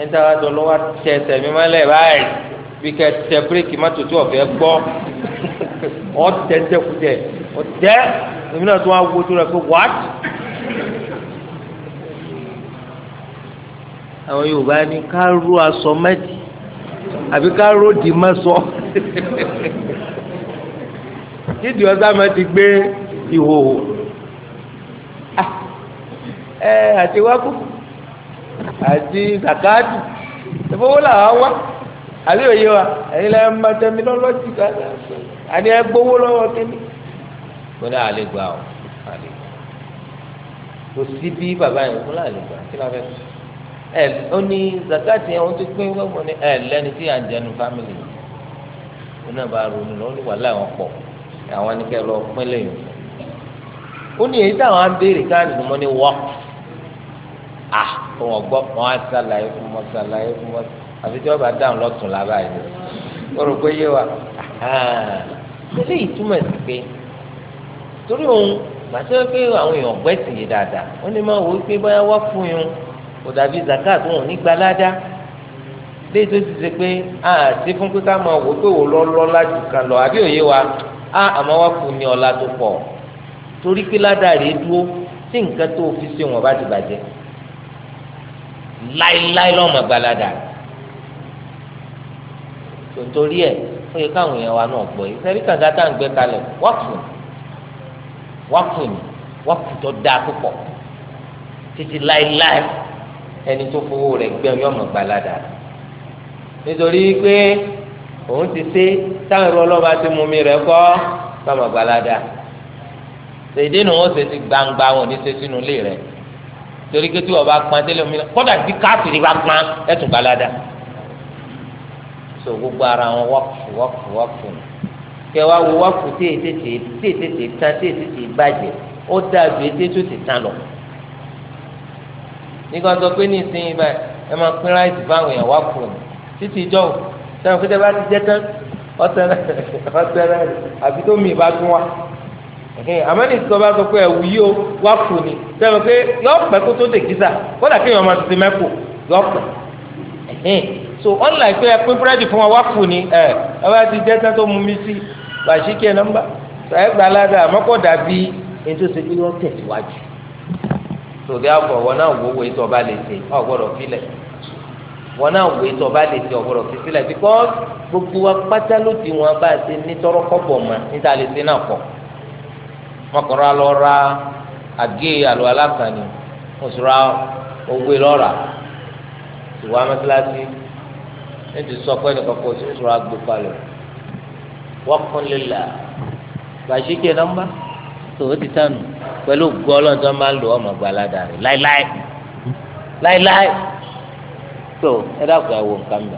ẹni tí a wá dọ̀ lọ́wọ́ tẹ ẹsẹ̀ mi mọ́lẹ̀ báyìí bí kẹ tẹ bíréèkì mọ́tò tí ọ̀fẹ́ gbọ́ ọ̀tẹ̀ tẹkùtẹ̀ ọ̀tẹ̀ èmi náà tún wá wo tó rẹ pé wàá. àwọn yorùbá ní ká ró aṣọ mẹ́tì àbí ká ró di mẹ́sọ kídìí ọ̀sá mẹ́tì gbé ìhòhò ah, ẹ àti wákò àti zakadu ìfowó làwọn wá àbí òye wa ẹ̀yin lẹ́yìn máa tẹ̀mí lọ́lọ́jì ká àní ẹ gbowó lọ́wọ́ kíní kó dá àlè gbà ó àlè kò sí bí bàbá yẹn kó láàlè gbà kí ló fẹ́ sọ ẹ ó ní zakati yẹn wọ́n ti pín wọ́n ní ẹ lẹ́ni tí à ń jẹnu fámìlì ó náà bá ronú lọ ó ní wàhálà wọn pọ̀ àwọn anìkẹ́ lọ pín lẹ́yìn ó ní èyí táwọn á béèrè káàdì mọ́ ní wọ́ọ̀ à wọn gbọ́ wọn á ṣàlàyé fún wọn ṣàlàyé fún wọn àfi tí wọ́n bá dáhùn lọ́tún lábàá yìí ó rò pé yé wa eléyìí túmọ̀ sí pé torí òun gbàtẹ́ pé àwọn èèyàn gbẹ́sìn yìí dáadáa ó ní máa wò pé báyà wá fún yín kò dàbí zakat wọn ò ní gba ládá léyìí tó ti ṣe pé àti fún pé ká máa wò pé wò lọ́lọ́ lájú kan lọ àbí òye wa á àmọ́ wá fún mi ọ̀la tó pọ̀ torí pé ládá rèé dúró tí nǹkan tó fi ṣe wọn bá ti bàjẹ́ láéláé lọ́mọ gba ládá tòǹtòrí ẹ̀ ó yẹ káwọn èèyàn wa náà gbọ́ yìí sẹ́rí kàńtà tá à ń gbé kalẹ̀ wákùn wákùn wákùn tó dáa púpọ̀ títí láéláé ẹni tó fowó rẹ̀ gbẹun yọmọ gbalada nítorí pé òun ti ṣe táwọn ẹrú ọlọ́ba ti mú mi rẹ̀ kọ́ yọmọ gbalada ṣèdè nù wọn ṣe ti gbangba wọn ní ṣe sínú ilé rẹ̀ torí pé tí wọn bá pọn délé omi kódà tí káfíìrì bá pọn ẹtù gbalada so gbogbo ara wọn wọ́pù wọ́pù wọ́pù kẹ wá wo wọ́pù tí ètètè tí ètètè tán tí ètètè bàjẹ́ ó dàbí ètètè tó ti tán lọ nígbà tó pé ní ìsinyìí báyìí ẹ máa pín ráìsì fáwọn èèyàn wá kúrò títí ìjọ o sẹ́wọ̀n pété bá ti jẹ́ tán ọ̀tẹ̀rẹ̀ ọ̀tẹ̀rẹ̀ àbí tó mi ìbá tún wá àmọ́ni sọ bá sọ pé ẹ̀wù yìí o wá kúrò ní sẹ́wọ̀n pé yọ pẹ́ kó tó dèkísà kódà kéèyàn máa tètè mẹ́kù yọ pẹ́ so unlike pé ẹ pín búrẹ́dì fún wa wá kúrò ní ẹ ẹ bá ti jẹ́ tán tó mú mi sí bàṣíkì ẹ̀ nọ́mbà ẹ gbà ládàá mọ́kọ́ dàbí ètò ìṣèjúlọ́ tẹ̀síwájú sòdí àbọ̀ wọn náà wò wòye tó ọba lè tè ọ gbọ́dọ̀ filẹ̀ wọn náà wòye tó ọba lè tè ọ gbọ́dọ̀ fi sílẹ̀ because gbogbo wa pátá ló di wọn bá a ṣe nítorọ́ kọ́bọ̀ mọ́ níta lè ṣe náà pọ̀ wọn kàn ra lọ ra àgé àlọ́ alákànni wọn sì ra owó lọ́ra ìwà mẹ́tíláṣí ní ti sọ pé nìkan kò sí ìṣòro àgbékalẹ̀ wọ́n kún lílà bàṣíkè tó o ti tánu pẹ̀lú gbọ́ ọlọ́run tó máa ń lò ọmọ gbalada rẹ̀ láíláí láíláí tó ẹ dákun ẹ wo nǹkan mi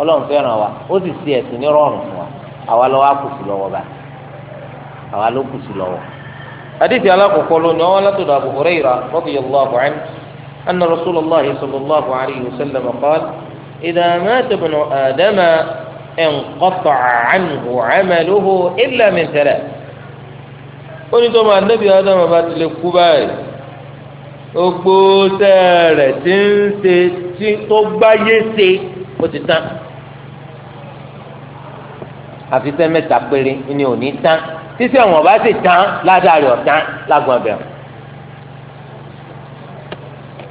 ọlọ́run fẹ́ràn wa ó sì ṣe ẹ̀sìn ní rọrùn fún wa àwa ló wá kùsù lọ́wọ́ bá àwa ló kùsù lọ́wọ́. حديث على قولون ولا تدع أبو هريرة رضي الله عنه أن رسول الله صلى الله عليه وسلم قال إذا مات ابن آدم انقطع عنه عمله إلا من ثلاث ó ní tọ́mọ anábì ádámù bá ti lè kú báyìí gbogbo sẹ́ẹ̀rẹ̀ tí ń ṣe tí tó gbáyé ṣe ó ti tán àfi sẹ́ mẹ́ta péré ni ò ní tán títí àwọn ọba sì tán ládàrí ọ̀tán lágbọ̀n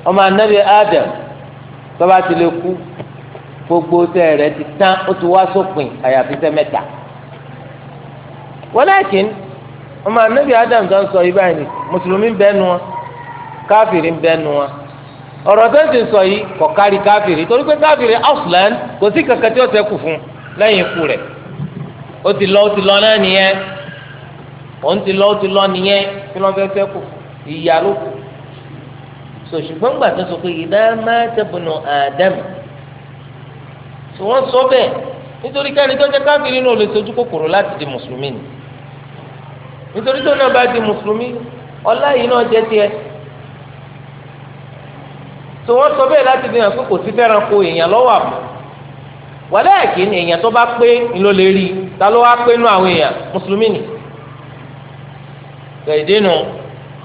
ọmọ anabi Adam tọ́ba ti lè kú gbogbo sẹ́ẹ̀rẹ̀ ti tán ó ti wá sópin àyàfi sẹ́ mẹ́ta wọ́n náà kìíní ọmọ anabi adam tó ń sọ yìí báyìí mùsùlùmí bẹnu wọn káfìrí bẹnu wọn ọ̀rọ̀ tó ń ti sọ yìí kò kárí káfìrí torí pé káfìrí aslan kò sí kankan tí ó ṣẹ́kù fún lẹ́yìn ikú rẹ̀ ó ti lọ ó ti lọ náà nìyẹn òun ti lọ ó ti lọ nìyẹn kí ló fẹ́ ṣẹ́kù ìyá ló sọ ṣùgbọ́n gbà tó sọ pé ìdá máa tẹ̀bùnú adam tí wọ́n sọ bẹ́ẹ̀ nítorí kẹ́ni tó jẹ́ káfìrí náà lè sojú kòkòrò láti di mùsùlùmí ni nítorí tó náà bá di mùsùlùmí ọlá yìí náà jẹ́ tiẹ̀ tó wọ́n sọ bẹ́ẹ̀ láti fi hàn pé kò sí fẹ́ràn ko èèyàn lọ́wọ́ àbò wàlẹ́ẹ̀kìn èèyàn tó bá pé ńlọ lè rí ta ló wá pé nú àwọn èèyàn mùsùlùmí ni. kẹ̀dínú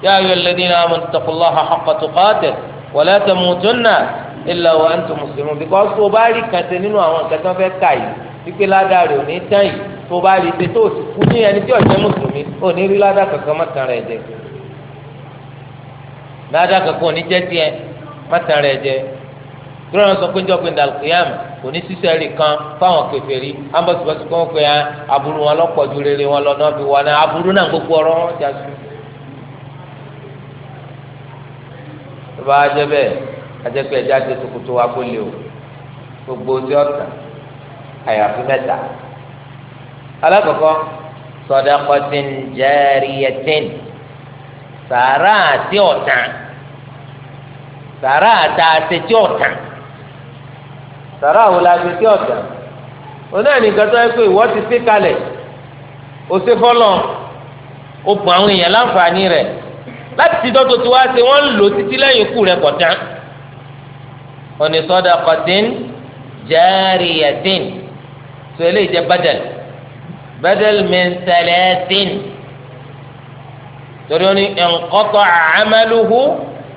yā ayyuhalladhīna āmanū ittaqullāha haqqa tuqātihi wa lā tamūtunna illā wa antum muslimūn. bíkọ́ sọ bá rí kàtẹ́ nínú àwọn kẹtọ́ fẹ́ kà yìí wípé ládàá rẹ̀ ò ní tán yìí tó bá rí ṣe tó sì kú ní ẹni tí ọ̀jẹ́ mùsùlùmí ò ní rí ládàá kankan má tan rẹ̀ jẹ ládàá kankan ò ní jẹ́ tiẹ̀ má tan rẹ̀ jẹ tura wọn sọ pé njọ́ gbẹ̀ndà kìyàm kò ní sísẹ́ rì kan fáwọn kèfèrí ambasibasi kò ń pè á ah, aburú wọn lọ́pọ̀ ju rere wọn lọ́nà bí wọn náà aburú náà gbogbo ọ̀rọ̀ wọn jà sí. tó bá jẹ́ bẹ́ẹ̀ ajẹ́pẹ́ ẹja ti wa kó lé o gbogbo tí ọ̀tà alákọ̀ọ́kọ́ sadaqatin jariyatin sàárà àti ọ̀tàn sàárà àti àtẹ̀tí ọ̀tàn sàárà àwọn àtẹ̀tí ọ̀tàn onáà nìkan tó yẹ pé ìwọ ti sí kalẹ̀ o ṣe fọlọ́ o bọ̀ àwọn èèyàn láǹfààní rẹ̀ láti ti dọ́tò tí wàá lò títí lẹ́yìn ikú rẹ̀ kọ̀tán oní sadaqatin jariyatin tó eléyìí jẹ́ bàdàlì. بدل من ثلاث تروني انقطع عمله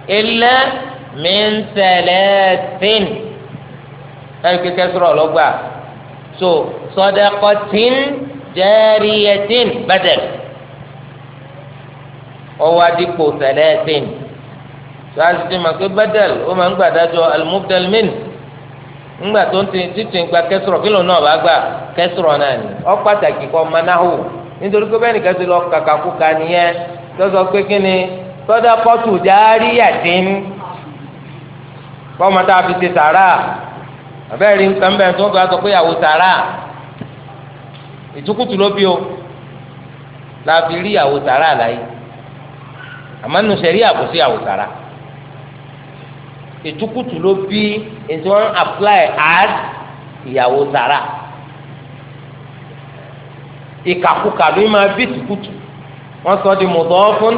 إلا من ثلاث هل كسر لغة سو صدقة جارية بدل وهو ديكو ثلاث سو بدل ومن بدل المبدل منه ńgbà tó ń tin títí gba kẹsùrọ̀ kí lòun náà bá gbà kẹsùrọ̀ náà ni ọ pàtàkì kọ́ manáhù nítorí pé bẹ́ẹ̀ nìkan lọ kàkà kú ka nìyẹn tó sọ pé kí ni tọ́jà pọ́tù járí àdín kọ́mọ tá a fi ṣe sàrà àbẹ́rẹ́ rí nǹkan bẹ́ẹ̀ tó ń gbà sọ pé ìyàwó sàrà ìtukùtù ló bí o la fi rí ìyàwó sàrà láyé àmọ́ nù àbòsí ìyàwó sàrà ìtukùtù ló bí ètò wọn apply as ìyàwó sàrà ìkàkùkà ló máa bí ìtukùtù wọn sọ di mudafun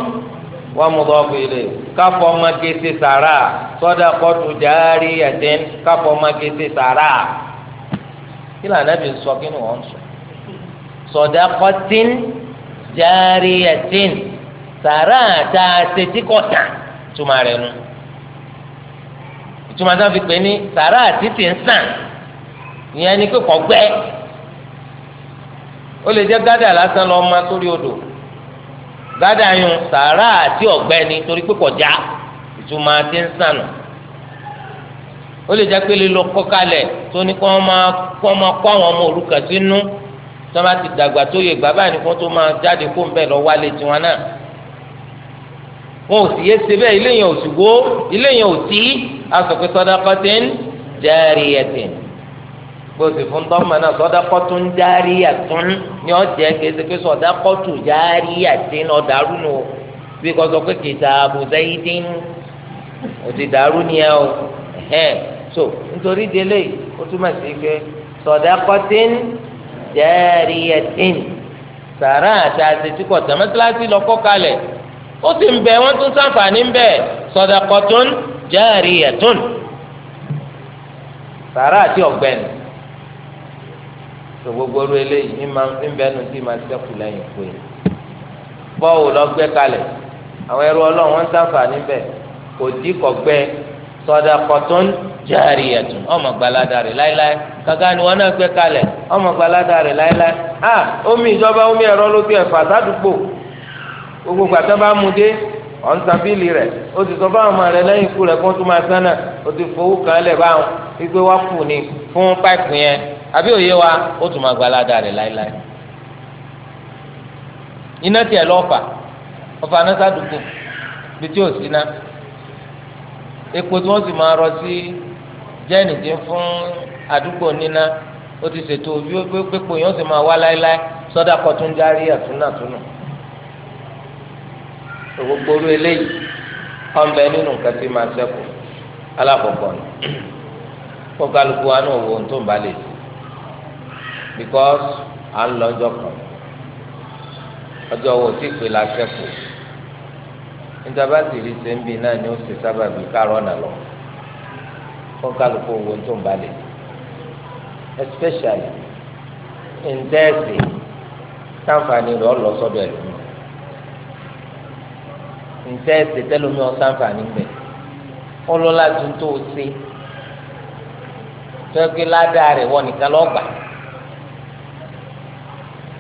wa mudaf ilayhi káfọ ọmọge ṣe sàrà sadaqatu jariyatan káfọ ọmọge ṣe sàrà kí lànà bí sọ kí ni wọn sọ sadaqatin jariyatan sàrà tá a ṣe tí kò tà túmọ̀ nù ìtumọ̀ sáà fi pè ní sàrà àti tì ń sàn ìyẹn ni pé kọ̀gbẹ́ ó lè jẹ́ gádà lásán lọ́ọ́ máa sórí odò gádà yun sàrà àti ọ̀gbẹ́ ni torí pé kọjá ìtumọ̀ àti ń sàn nù ó lè jẹ́ pé lílọ kọ́kalẹ̀ tó ní kó máa kó máa kó àwọn ọmọ òrukàn sínú tó máa ti dàgbà tó yẹ bàbá ẹnìkan tó máa jáde kó ń bẹ̀ lọ wálé tiwọn náà wọn ò sì yé ṣe bẹ́ẹ̀ ilé yẹn ò sì wó ilé yẹn ò tí asọ̀pẹ́ sadaqatin jariyatin bó sì fún tọ́mọ náà sadaqatun jariyatun ni ọ jẹ́ kéde pé sadaqatu jariyatin ọ̀dàrú nù bí kò sọ pé kitabu Zaidin ò ti dàrú ni ẹ o ẹ̀hẹ́n so nítorí délé ó túmọ̀ sí pé sadaqatin jariyatin sàrà àti àṣetí kọ̀ tẹ̀mẹ́tíláṣí lọ kọ́ kalẹ̀ ó sì ń bẹ wọ́n tún ṣàǹfààní ń bẹ sadaqatun jariyatun sàrà àti ọ̀gbẹ́ni gbogbo ru eléyìí ń bẹ tí máa ṣẹ́kù lẹ́yìn pé bọ́ọ̀lù lọ́gbẹ́ kalẹ̀ àwọn ẹrú ọlọ́run wọ́n ṣàǹfààní bẹ̀ kò dí ọmọ gbalada láéláé ah omi ìjọba omi ló gbogbo gbàtà bá mu dé ọ̀n sàbílì rẹ̀ o ti sọ fáwọn ọmọ rẹ̀ lẹ́yìn ikú rẹ̀ kó tó máa sánà o ti fowó kan lẹ̀ báwọn wípé wá kù ní fún páìpù yẹn àbí òye wa ó tún máa gba aládàá rẹ̀ láéláé iná tiẹ̀ lọ́ọ̀fà ọ̀fà náà sádùkù bí tí ò sí ná epo tí wọ́n sì máa rọ sí jẹ́ẹ̀nì fún àdúgbò níná ó ti ṣètò bí pé pé pé sì máa wá láéláé sọ́dà kọ́tún járí ẹ̀tún gbogbo orí eléyìí ọ̀nbẹ nínú nǹkan tí máa ṣẹ́kù alákọ̀ọ́kọ́ ni kó kálukú wa náà wo ohun tó ń bá lè sí because à ń lọ ọjọ́ kan ọjọ́ wo tí ìpè la ṣẹ́kù níta bá sì rí sẹ́ńbì náà ni ó sì sábà bí kárọ̀ ọ̀nà lọ kó kálukú wo ohun tó ń bá lè sí especially in dẹ́ẹ̀sì táǹfààní rẹ̀ ọ̀ lọ sọ́dọ̀ ẹ̀ lónìí nǹkan ẹsẹ̀ tẹ́lómi ọ̀sán fàánì bẹ̀ ọlọ́lá tún tó o ṣe tọ́kí ládàá rẹ̀ wọ nìkan lọ́gbà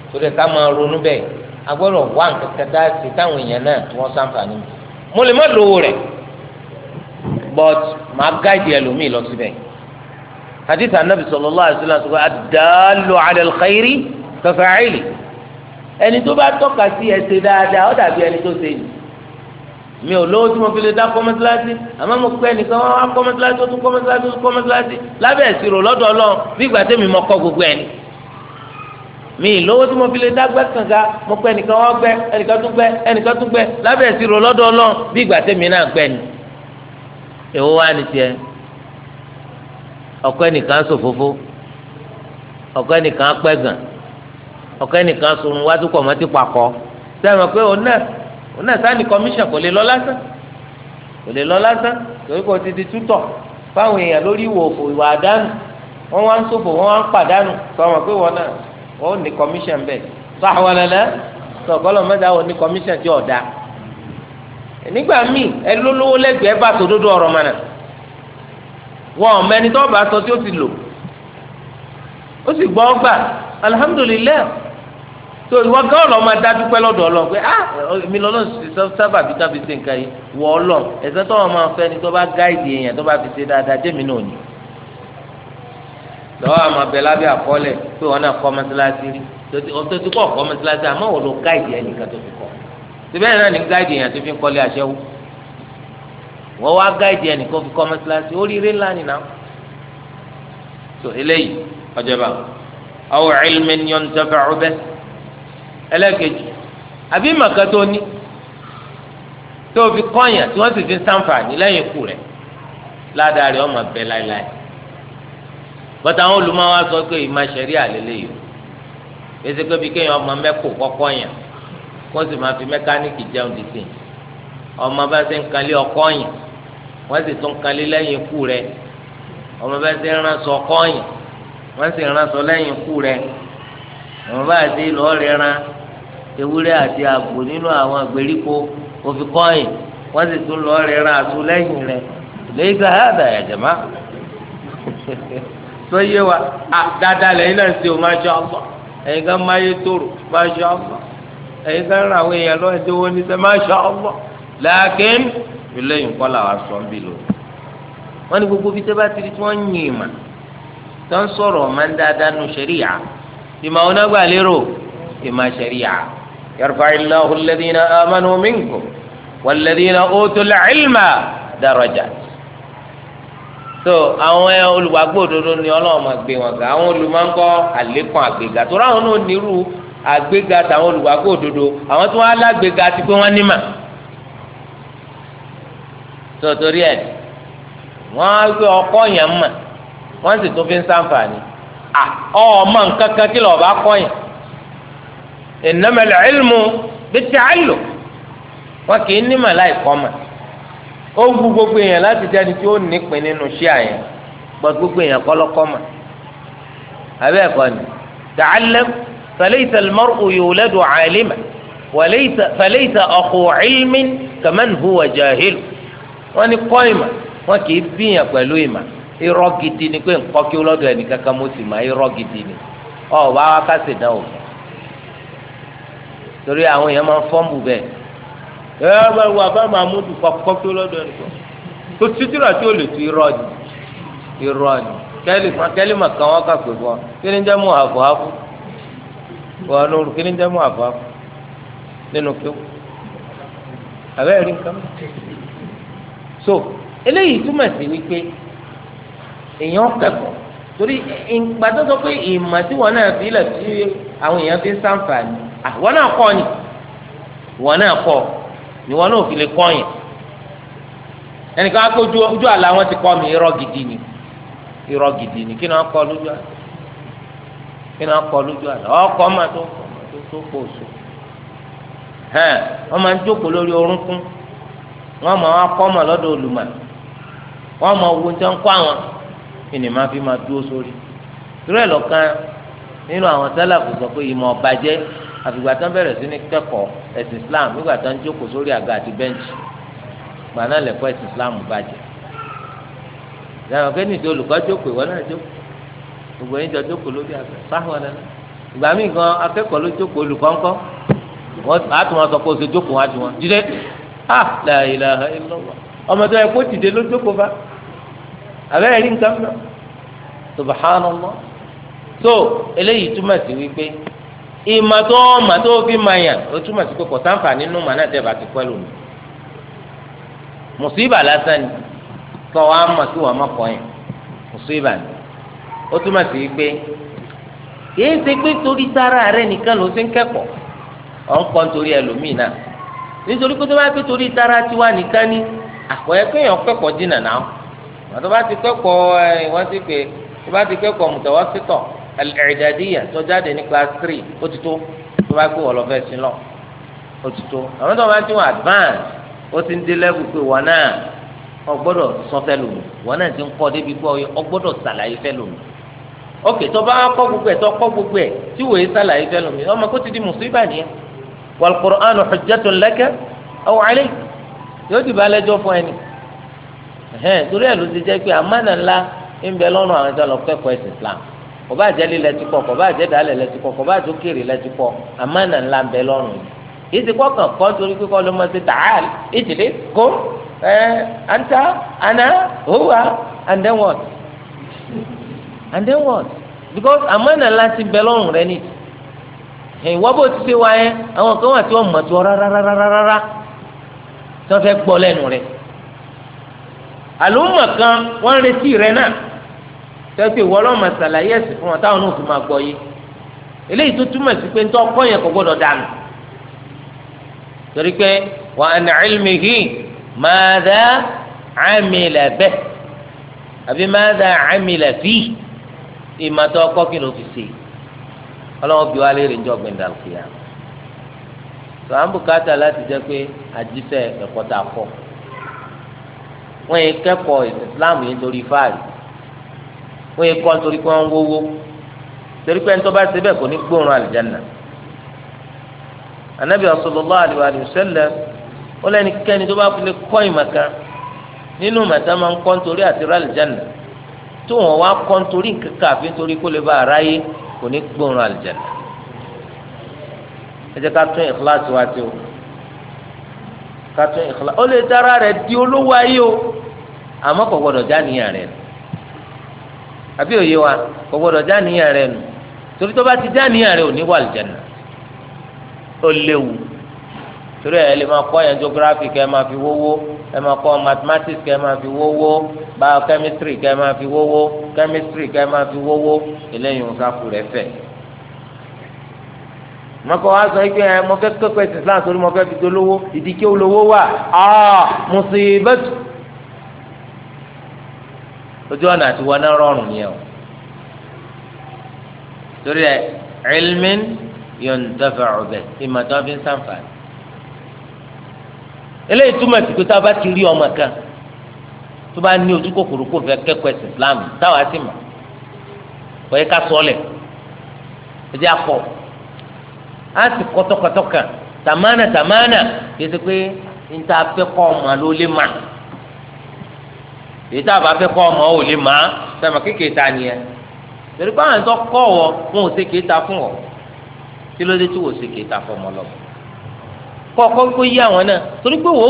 torí ká máa ronú bẹ́ẹ̀ a gbọ́dọ̀ wá nǹkan kan dá sí táwọn èèyàn náà tí wọ́n sàǹfààní mi mo lè má lówó rẹ̀ but màá gáàdì ẹlòmíì lọ síbẹ̀ hadith anabi sallallahu alaihi wasallam ad-dallu ala al-khairi ka fa'ili ẹni tó bá tọ́ka sí ẹsẹ̀ dáadáa ó dàbí ẹni tó ṣe mi ò lówó tí mo fi lè dá kọ́mọ́tíláṣí àmọ́ mo pẹ́ nìkan wọ́n á kọ́mọ́tíláṣí ó tún kọ́mọ́tíláṣí ó tún kọ́mọ́tíláṣí lábẹ́ ìṣirò lọ́dọ̀ ọlọ́run bí ìgbà tẹ́mi mọ kọ́ gbogbo ẹ̀ ni. mi ì lówó tí mo fi lè dá gbẹ́ kànga mo pẹ́ nìkan wọ́n gbẹ́ ẹnìkan tún gbẹ́ ẹnìkan tún gbẹ́ lábẹ́ ìṣirò lọ́dọ̀ ọlọ́run bí ìgbà tẹ́mi náà gbẹ́ ni. èwo wá ni tiẹ̀ ọ̀kọ́ ẹnìkan ṣòfófó ọ̀kọ́ ẹnìkan pẹ́gàn ọ̀kọ́ ẹnìkan sọ̀rùn wájú kọ̀ mọ́tí pakọ́ sẹ́wọ̀n pé òun òun náà sáà commission kò lè lọ lásán kò lè lọ lásán torí kò ti di tútọ̀ fáwọn èèyàn lórí ìwò òfò ìwà àdánù wọn wá ń ṣòfò wọn wá ń pàdánù sọmọ pé wọn náà wọn ò ní commission bẹ́ẹ̀ sọ àwọn lẹlẹ sọkọlọ mẹ́ta wọn ní commission tí ọdá nígbà míì ẹ lólówó lẹ́gbẹ̀ẹ́ bá sòdodo ọ̀rọ̀ mọnà wọn ò mẹni tó bá sọ tí ó ti lò ó sì gbọ́ gbà alihamudulilayi so ìwọ gán lọ máa dá dúpẹ́ lọ́dọ̀ Ọlọ́run pé ah èmi lọ́nà sábà bí tábí ṣe nǹkan yìí wọ Ọlọ́run ẹ̀sẹ̀ tó wọn máa fẹ́ ni tó bá gáìdì èèyàn tó bá fi ṣe dáadáa jẹ́mi náà ni. lọ́wọ́ àmọ́ abẹ lábẹ́ àkọọ́lẹ̀ pé wọn náà kọ́ mọ́sálásí rí tó ti kọ́ kọ́ mọ́sálásí àmọ́ wọn ló gáìdì ẹ̀ nìkan tó fi kọ́ síbẹ̀ náà ní gáìdì èèyàn tó fi ń kọ́lé aṣẹ́wó wọ́n wá gáìdì ẹ̀ nìkan fi kọ́ mọ́sálásí oríire ńlá nìyà so eléyìí ọjọba àwọn ilmin yọ̀ǹtẹ̀fẹ̀ ọbẹ̀ ẹlẹ́kejì àbí màkà tó ní tó fi kọ́yàn tí wọ́n sì fi ń sàǹfààní lẹ́yìn ikú rẹ̀ ládàá rẹ̀ ọmọ bẹ́ẹ̀ láéláé bọ́tà àwọn olùmọ̀wá sọ pé ìmọ̀ sẹ̀rí àlélẹ́ yìí èsì pé bí kéèyàn ọmọ mẹ́kò kọ́kọ́ yàn kó sì máa fi mẹkáníìkì jẹun dìtì ọmọ bá ṣe ń kanlé ọkọ wọ́n sì tún kanlé lẹ́yìn ikú rẹ̀ ọmọ bá ṣe ń ránṣọ ọkọ wọ́n sì ránṣọ lẹ́yìn ikú rẹ̀ ọmọ bá ṣe lọ́ọ́ ewúrẹ́ àti àgbò nínú àwọn àgbèríko òfin kọ́yìn wọ́n sì tún lọ rẹ̀ ra àtún lẹ́yìn rẹ̀ lẹ́yìn àdá ẹ̀jẹ̀má tó yé wa dáadáa lẹ́yìn náà ṣe o máa ṣe ọ̀pọ̀ ẹ̀yin kan máa yé tóró máa ṣe ọ̀pọ̀ ẹ̀yin kan ra àwọn èèyàn lọ́wọ́ ẹ̀dínwó ní sẹ́ máa ṣe ọ̀pọ̀ làákín ìlẹ́yìn kọ́ làwọn aṣọ ń bì lò wọ́n ní gbogbo bíi tẹ́ di tí wọ́n yìn mà tó sọ̀rọ̀ máa ń dáadáa nu ṣẹ̀ríyà ìmọ̀ يرفع الله الذين آمنوا منكم والذين أوتوا العلم درجات so àwọn olùwàgbọ́ òdodo ni Ọlọ́run máa gbé wọn ga àwọn olùmọ̀ńkọ́ àlékún àgbéga tó ráwọn náà nírú àgbéga tàwọn olùwàgbọ́ òdodo àwọn tó wá lágbéga ti pé wọ́n nímà so torí ẹ̀ wọ́n á gbé ọkọ yẹn mà wọ́n sì tún fi ń ṣàǹfààní ọmọ nǹkan kan kí lọ́ọ́ bá kọ́ yẹn innama al-ilmu bit-ta'allum wọn kì í nímọ̀ láì kọ́mọ̀ ó wu gbogbo èèyàn láti jáde tí ó nípìn nínú ṣíà yẹn gbọ́ gbogbo èèyàn kọ́lọ́kọ́mọ̀ abẹ́ ẹ̀kọ́ ni ta'allam falaysa al-mar'u yuladu 'aliman walaysa falaysa akhu 'ilmin kaman huwa jahil wọn ni kọ́ ìmọ̀ wọn kì í bíyàn pẹ̀lú ìmọ̀ irọ́ gidi ni pé nǹkan kí ó lọ́dọ̀ ẹnìkan kan mo sì máa irọ́ gidi ni ọ̀ wá wá ká sì dán òfin torí àwọn èèyàn máa ń fọ́ǹbù bẹ́ẹ̀ ẹ ẹ bá wà bá mahmudu kọ́kọ́ lọ́dọ̀ ẹ̀ tó títíra tí ó lè tu irọ́ ni irọ́ ni kẹ́lí kẹ́lí mà kàn wọ́n kà pé bọ́ kí ni jẹ́ mú àfọ̀ àfọ̀ wọ́n ló kí ni jẹ́ mú àfọ̀ àfọ̀ nínú kí wọ́n àbẹ́ rí nǹkan so eléyìí túmọ̀ sí wípé èèyàn kẹ́kọ̀ọ́ torí ìgbà tó sọ pé ìmọ̀ tí wọ́n náà fi lẹ̀ sí àwọn èèyàn fi ń sàǹfààní àwọn ah, náà kọ́ ni ìwọ náà kọ́ ni wọn náà fi lè kọ́ yẹn ẹnìkan á kó ojú àlá wọn ti kọ mi irọ gidi ni irọ gidi ni kí ni wọ́n lójú àlá kí ni wọ́n lójú àlá ọkọ̀ ọmọ tó tó kó oṣù hẹ́n wọ́n máa ń jókòó lórí orúnkún wọ́n máa wá kọ́ ọmọ lọ́dọ̀ olùmọ̀ wọ́n máa wo àwọn máa fi máa dúró àfìgbà tán bẹ̀rẹ̀ sí ní kẹ́kọ̀ọ́ ẹ̀sìn islam nígbà tán jókòó sórí àga àti bẹ́ǹchì gbà náà lẹ̀kọ́ ẹ̀sìn islam bàjẹ́ ìdáhùn kẹ́ni ìdí olùkọ́ jókòó ìwọ náà jókòó gbogbo yín jọ jókòó lórí àga sáwọn ẹ̀ ìgbà míì gan akẹ́kọ̀ọ́ ló jókòó olùkọ́ ńkọ́ àtúmọ̀ sọ pé o ṣe jókòó wájú wọn ah, la ilaha illallah ọmọ tó yẹ kó dìde ló jókòó bá àbẹ́rẹ́ rí nǹkan so eléyìí túmọ̀ sí ìmọ̀ tó mọ̀ tó fi mọ̀ yàn túmọ̀ sí pé sáǹfà nínú tẹ̀bà ti pẹ́lú mi mùsùlùmí lásán ni kọ́ wa mọ̀ sí wọ́n mọ̀kọ́ yẹn mùsùlùmí ni otu túmọ̀ sí pé kìí ṣe pé torí sára rẹ nìkan ló ti ń kẹ́kọ̀ọ́ ọ̀ ń kọ́ nítorí ẹlòmíì náà nítorí pé tó bá pé torí sára tiwa nìkan ni àkọ́yẹ kéèyàn kẹ́kọ̀ọ́ dínà náà àtọ́ bá ti kẹ́kọ̀ọ́ ẹ̀ wọ́n ti pè tó bá ti kẹ́kọ̀ọ́ mùtọ̀wọ́sítọ̀ al-i'dadiyya tó jáde ní class three ó ti tó tó bá gbé wọlọ fẹẹ sin lọ ó ti tó àwọn tó bá ti wọn advance ó ti ń dé level pé wọn náà ó gbọ́dọ̀ sọ fẹ lòmù wọn náà ti ń kọ débi pé ó gbọ́dọ̀ sàlàyé fẹ lòmù ok tó bá kọ gbogbo ẹ tó kọ gbogbo ẹ tí wòye sàlàyé fẹ lòmù ọmọ kó ti di mùsùlùmí nìyẹn wal-Qur'anu hujjatun laka aw alayk yóò dìbò alẹ́ kọba àjẹlé lẹti kọ kọba àjẹdálẹ lẹti kọ kọba àjọkèrè lẹti kọ amánà ńlá ń bẹ lọ́rùn yìí ìsì kọkàn kọ torí kíkọ ló máa ṣe tààl ìdílé kó ẹ anta ana huwa and then what and then what because amánà ńlá ti bẹ lọ́rùn rẹ nìyí ìwọ bó ti ṣe wá yẹn àwọn kan wà tí wọn mọ̀ tí wọn rárárárárá tí wọn fẹ́ gbọ́ lẹ́nu rẹ àlùmọ̀ kan wọ́n retí rẹ náà tẹ́pẹ́ ìwọ ọlọ́run máa ṣàlàyé ẹ̀sìn fún wọn táwọn náà fi máa gbọ́ yé eléyìí tó túmọ̀ sí pé ntọ́ kọ́ yẹn kò gbọ́dọ̀ dànù torí pé wa an ilmihi madha amila bih àbí madha amila fi ìmọ̀tọ́ ọkọ́ kí ló fi ṣe ọlọ́run bí wàá léèrè njọ́ gbẹ̀ndà kìíyà tó à ń bùkátà láti jẹ́ pé àjíṣẹ́ ẹ̀kọ́ kọ́ wọ́n yẹ kẹ́kọ̀ọ́ ìsìlámù yẹn torí fáàlì wọ́n yẹ kọ́ nítorí pé wọ́n ń wówó torí pé ntọ́ bá ṣe bẹ́ẹ̀ kò ní gbóòórùn àlìjáná anabi sallallahu alaihi wa sallam ó lẹ́ni kẹ́ni tó bá fi lè kọ́ ìmọ̀ kan nínú màtá máa ń kọ́ nítorí àti ràlìjáná tó wọ́n wá kọ́ nítorí kankan àfi nítorí kó lè bá aráyé kò ní gbóòórùn àlìjáná ẹ jẹ́ ká tún ìkíláàsì wa ti o ká tún ìkíláàsì ó lè dára rẹ̀ di olówó ayé o àmọ́ kò gbọ́dọ̀ já níyàn rẹ̀ ni àbí òye wa kò gbọdọ̀ já níyàn rẹ nù torí tó bá ti já níyàn rẹ ò ní wà lìjẹ̀nà ó léwu torí ẹ lè máa kọ́ yẹn geography kẹ́ ẹ máa fi wówó ẹ máa kọ́ mathematics kẹ́ ẹ máa fi wówó biochemistry kẹ́ ẹ máa fi wówó chemistry kẹ́ ẹ máa fi wówó eléyìí ń sáfù rẹ fẹ̀ mọ̀kọ́ wa sọ pé ẹ mọ fẹ́ kẹ́kọ̀ọ́ ẹ̀sìn Islam torí mọ fẹ́ fi dolówó ìdíkẹ́ olówó wà á mùsùlùmí bẹ́tù ojú ọ̀nà àti wọná rọrùn yẹn o torí ẹ ilmin yuntafa'u bihi ìmọ̀ tó fi ń sàǹfààní eléyìí túmọ̀ sí pé tá a bá ti rí ọmọ kan tó bá ní ojú kòkòrò kò fẹ́ kẹ́kọ̀ọ́ ẹ̀sìn Islam táwa sì mọ̀ wọ́n yẹ ká sọ ọ́lẹ̀ ẹ̀jẹ̀ akọ á sì kọ́ tọkàtọkà tàmánà tàmánà yẹ sẹ́ pé níta fẹ́ kọ́ ọmọ ló lé máa èyí tá a bá fẹ́ kọ́ ọmọ ò lè má sẹ́mi kékeré ta ni ẹ torí pé àwọn ẹ̀ńtọ́ kọ́ wọ wọn ò ṣe kéé ta fún ọ kí ló dé tí wò ó ṣe kéé ta fún ọmọ lọ́wọ́ kọ́ ọkọ́ kó yí àwọn náà torí pé wò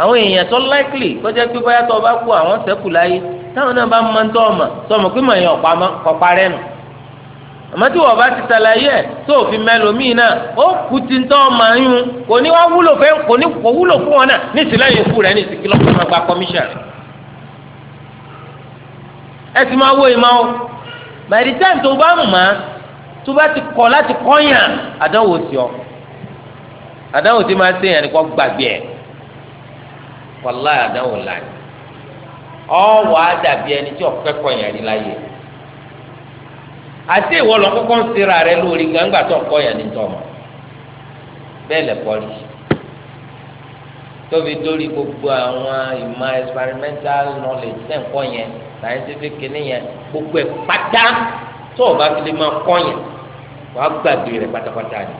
àwọn èèyàn tó láìkìlì kọjá pé bóyá tó bá kú àwọn sẹ́kù láyé táwọn náà bá máa ń tọ́ ọmọ sọmọ pé màá yàn ọ̀pá rẹ̀ nù. àmọ́ tí wọ́n bá ti ṣàlàyé ẹ̀ tó òfin mẹ́lòmíì náà ó kú ti ń tọ́ ọmọ yún kò ní wọ́n wúlò fẹ́ kò ní kò wúlò fún wọn náà ní ní ẹ ti máa wo ìmọ̀ o by the time tó bá mọ̀ tó bá ti kọ̀ láti kọ́yàn àdánwò sí ọ àdánwò tí máa ṣe yẹn ni kò gbàgbé àti ìwọ lọ kọ́kọ́ ń sera rẹ lórí gbangba tó kọ́ yẹn ní tọ́mọ bẹ́ẹ̀ lẹ̀ pọ́lì tóbi dórí gbogbo àwọn ìmọ̀ experimental knowledge tẹ̀ ń kọ́ yẹn scientific kìíní yẹn gbogbo ẹ̀ pátá tó o bá fi lè máa kọ́ yẹn wàá gbàgbé rẹ̀ pátápátá ni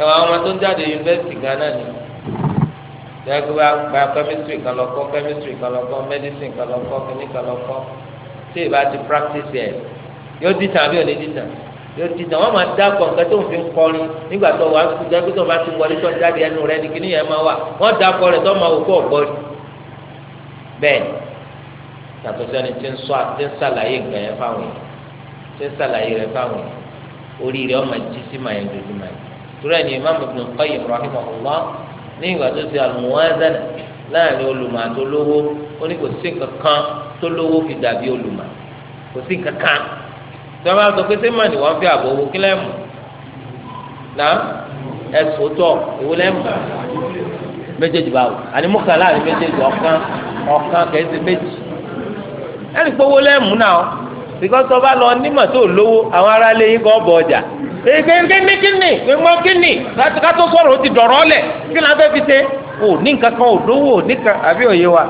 ẹwà àwọn ọmọ tó ń jáde yunifásitì Ghana ni jẹ́gbẹ́ gba chemistry kan lọ kọ́ chemistry kan lọ kọ́ medicine kan lọ kọ́ kìíní kan lọ kọ́ tí ì bá ti practice yẹn yóò dìtàn àbí òní dìtàn yóò dìtàn wọn máa dá kọ nǹkan tó ń fi ń kọrin nígbà tó wàá kú jẹ pé tó bá ti wọlé tó ń jáde ẹnu rẹ ní kíní yẹn máa wà wọn dá kọ rẹ tó máa wò kó ọgbọrin bẹ́ẹ̀ yàtọ̀ sẹ́ni tí ń sọ tí ń sàlàyé nǹkan yẹn fáwọn yẹn tí ń sàlàyé rẹ fáwọn yẹn oríire ọmọ jí sí màá yẹn dojú màá yẹn turẹ ni imam ibn qayyim rahimahullah ní ìgbà tó ti al-muwazana láàrin olùmọ̀ àti olówó ó ní kò sí nǹkan kan tó lówó fi dàbí olùmọ̀ kò sí nǹkan kan tí wọn bá sọ pé sẹ́mà ni wọ́n fi àbọ̀ owó kílẹ̀ mù nà ẹ̀sùn tọ̀ owó lẹ́mù méjèèjì báwò àní mọ́kànlá àní méjèèjì ọ̀kan ọ̀kan kẹ̀sì méjì ẹnì pé owó lẹ́mù náà because tó bá lọ nímọ̀ tó lówó àwọn ará lé yín kọ́ bọ̀ ọjà kíni kíni gbẹmọ kíni láti ká tó sọ̀rọ̀ ó ti dọ̀rọ̀ ọ̀lẹ̀ kí ni a fẹ́ fi ṣe ò ní nǹkan kan ò lówó ò ní kan àbí òye wa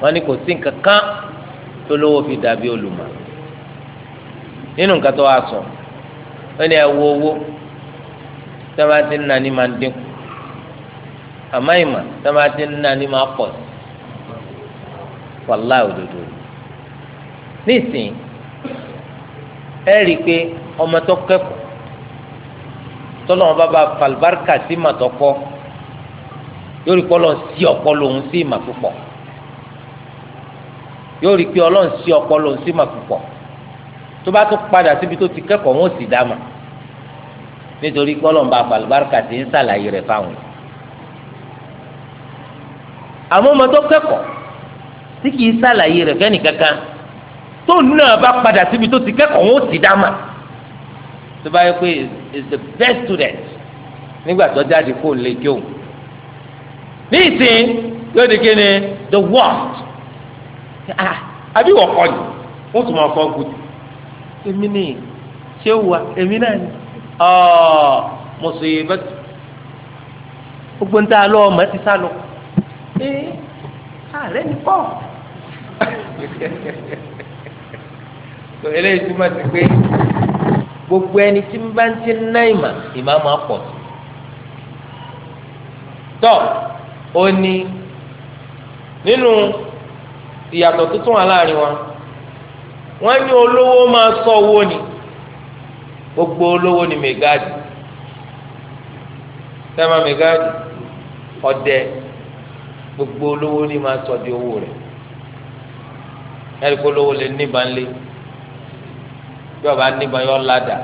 wọ́n ní kò sí nǹkan kan tó lówó fi dàbí olùmọ̀ nínú nǹkan tó wà sọ ó ní ẹ wo owó tí wọ́n bá ti ń nà ní máa ń dínkù àmọ́ ìmọ̀ tí wọ́n bá ti ń nà máa pọ̀ sí wàláì òdodo nísìnyí ẹ rí i pé ọmọ tó kẹ́kọ̀ọ́ tọ́lọ́wọ́n bá bá falbarka sí màtọ́kọ́ yóò rí kọ́ lọ sí ọ̀pọ̀ lòun sí ìmà púpọ̀ yóò rí i pé ọlọ́run sí ọpọlọ sí mà púpọ̀ tó bá tún padà síbi tó ti kẹ́kọ̀ọ́ wọn ò sì dá mà nítorí pé ọlọ́run bá àgbàlùbáràkà ti ń ṣàlàyé rẹ̀ fáwọn yìí. àmọ́ ọmọ tó kẹ́kọ̀ọ́ tí kìí ṣàlàyé rẹ̀ fẹ́ni kankan tó náà bá padà síbi tó ti kẹ́kọ̀ọ́ wọn ò sì dá mà tó bá yẹ pé is the best student nígbà tó jáde kó lè jó ní ìsìn yóò di kí ni the worst Ah, àbí wọ́n kọ́ ni wọ́n tún máa fọ́ gùdù èmi ni ṣé wà èmi náà ni ọ̀ọ́ mùsùlùmí gbogbo ntá lọ ọmọ ti sá lọ ee ààrẹ ní pọ. tó eléyìí túmọ̀ sí pé gbogbo ẹni tí ń bá ń ti ná ìmà ìmà máa pọ̀ sí. tọ́ ó ní nínú ìyàtọ̀ tuntun wà láàrin wọn wọ́n ní olówó máa sọ owó ni gbogbo olówó ni mẹgáàdì sẹ́mà mẹgáàdì ọ̀dẹ gbogbo olówó ni máa sọ di owó rẹ̀ ẹ̀rí kó olówó lè níbà ńlẹ̀ bí ọba níbà yọ ládà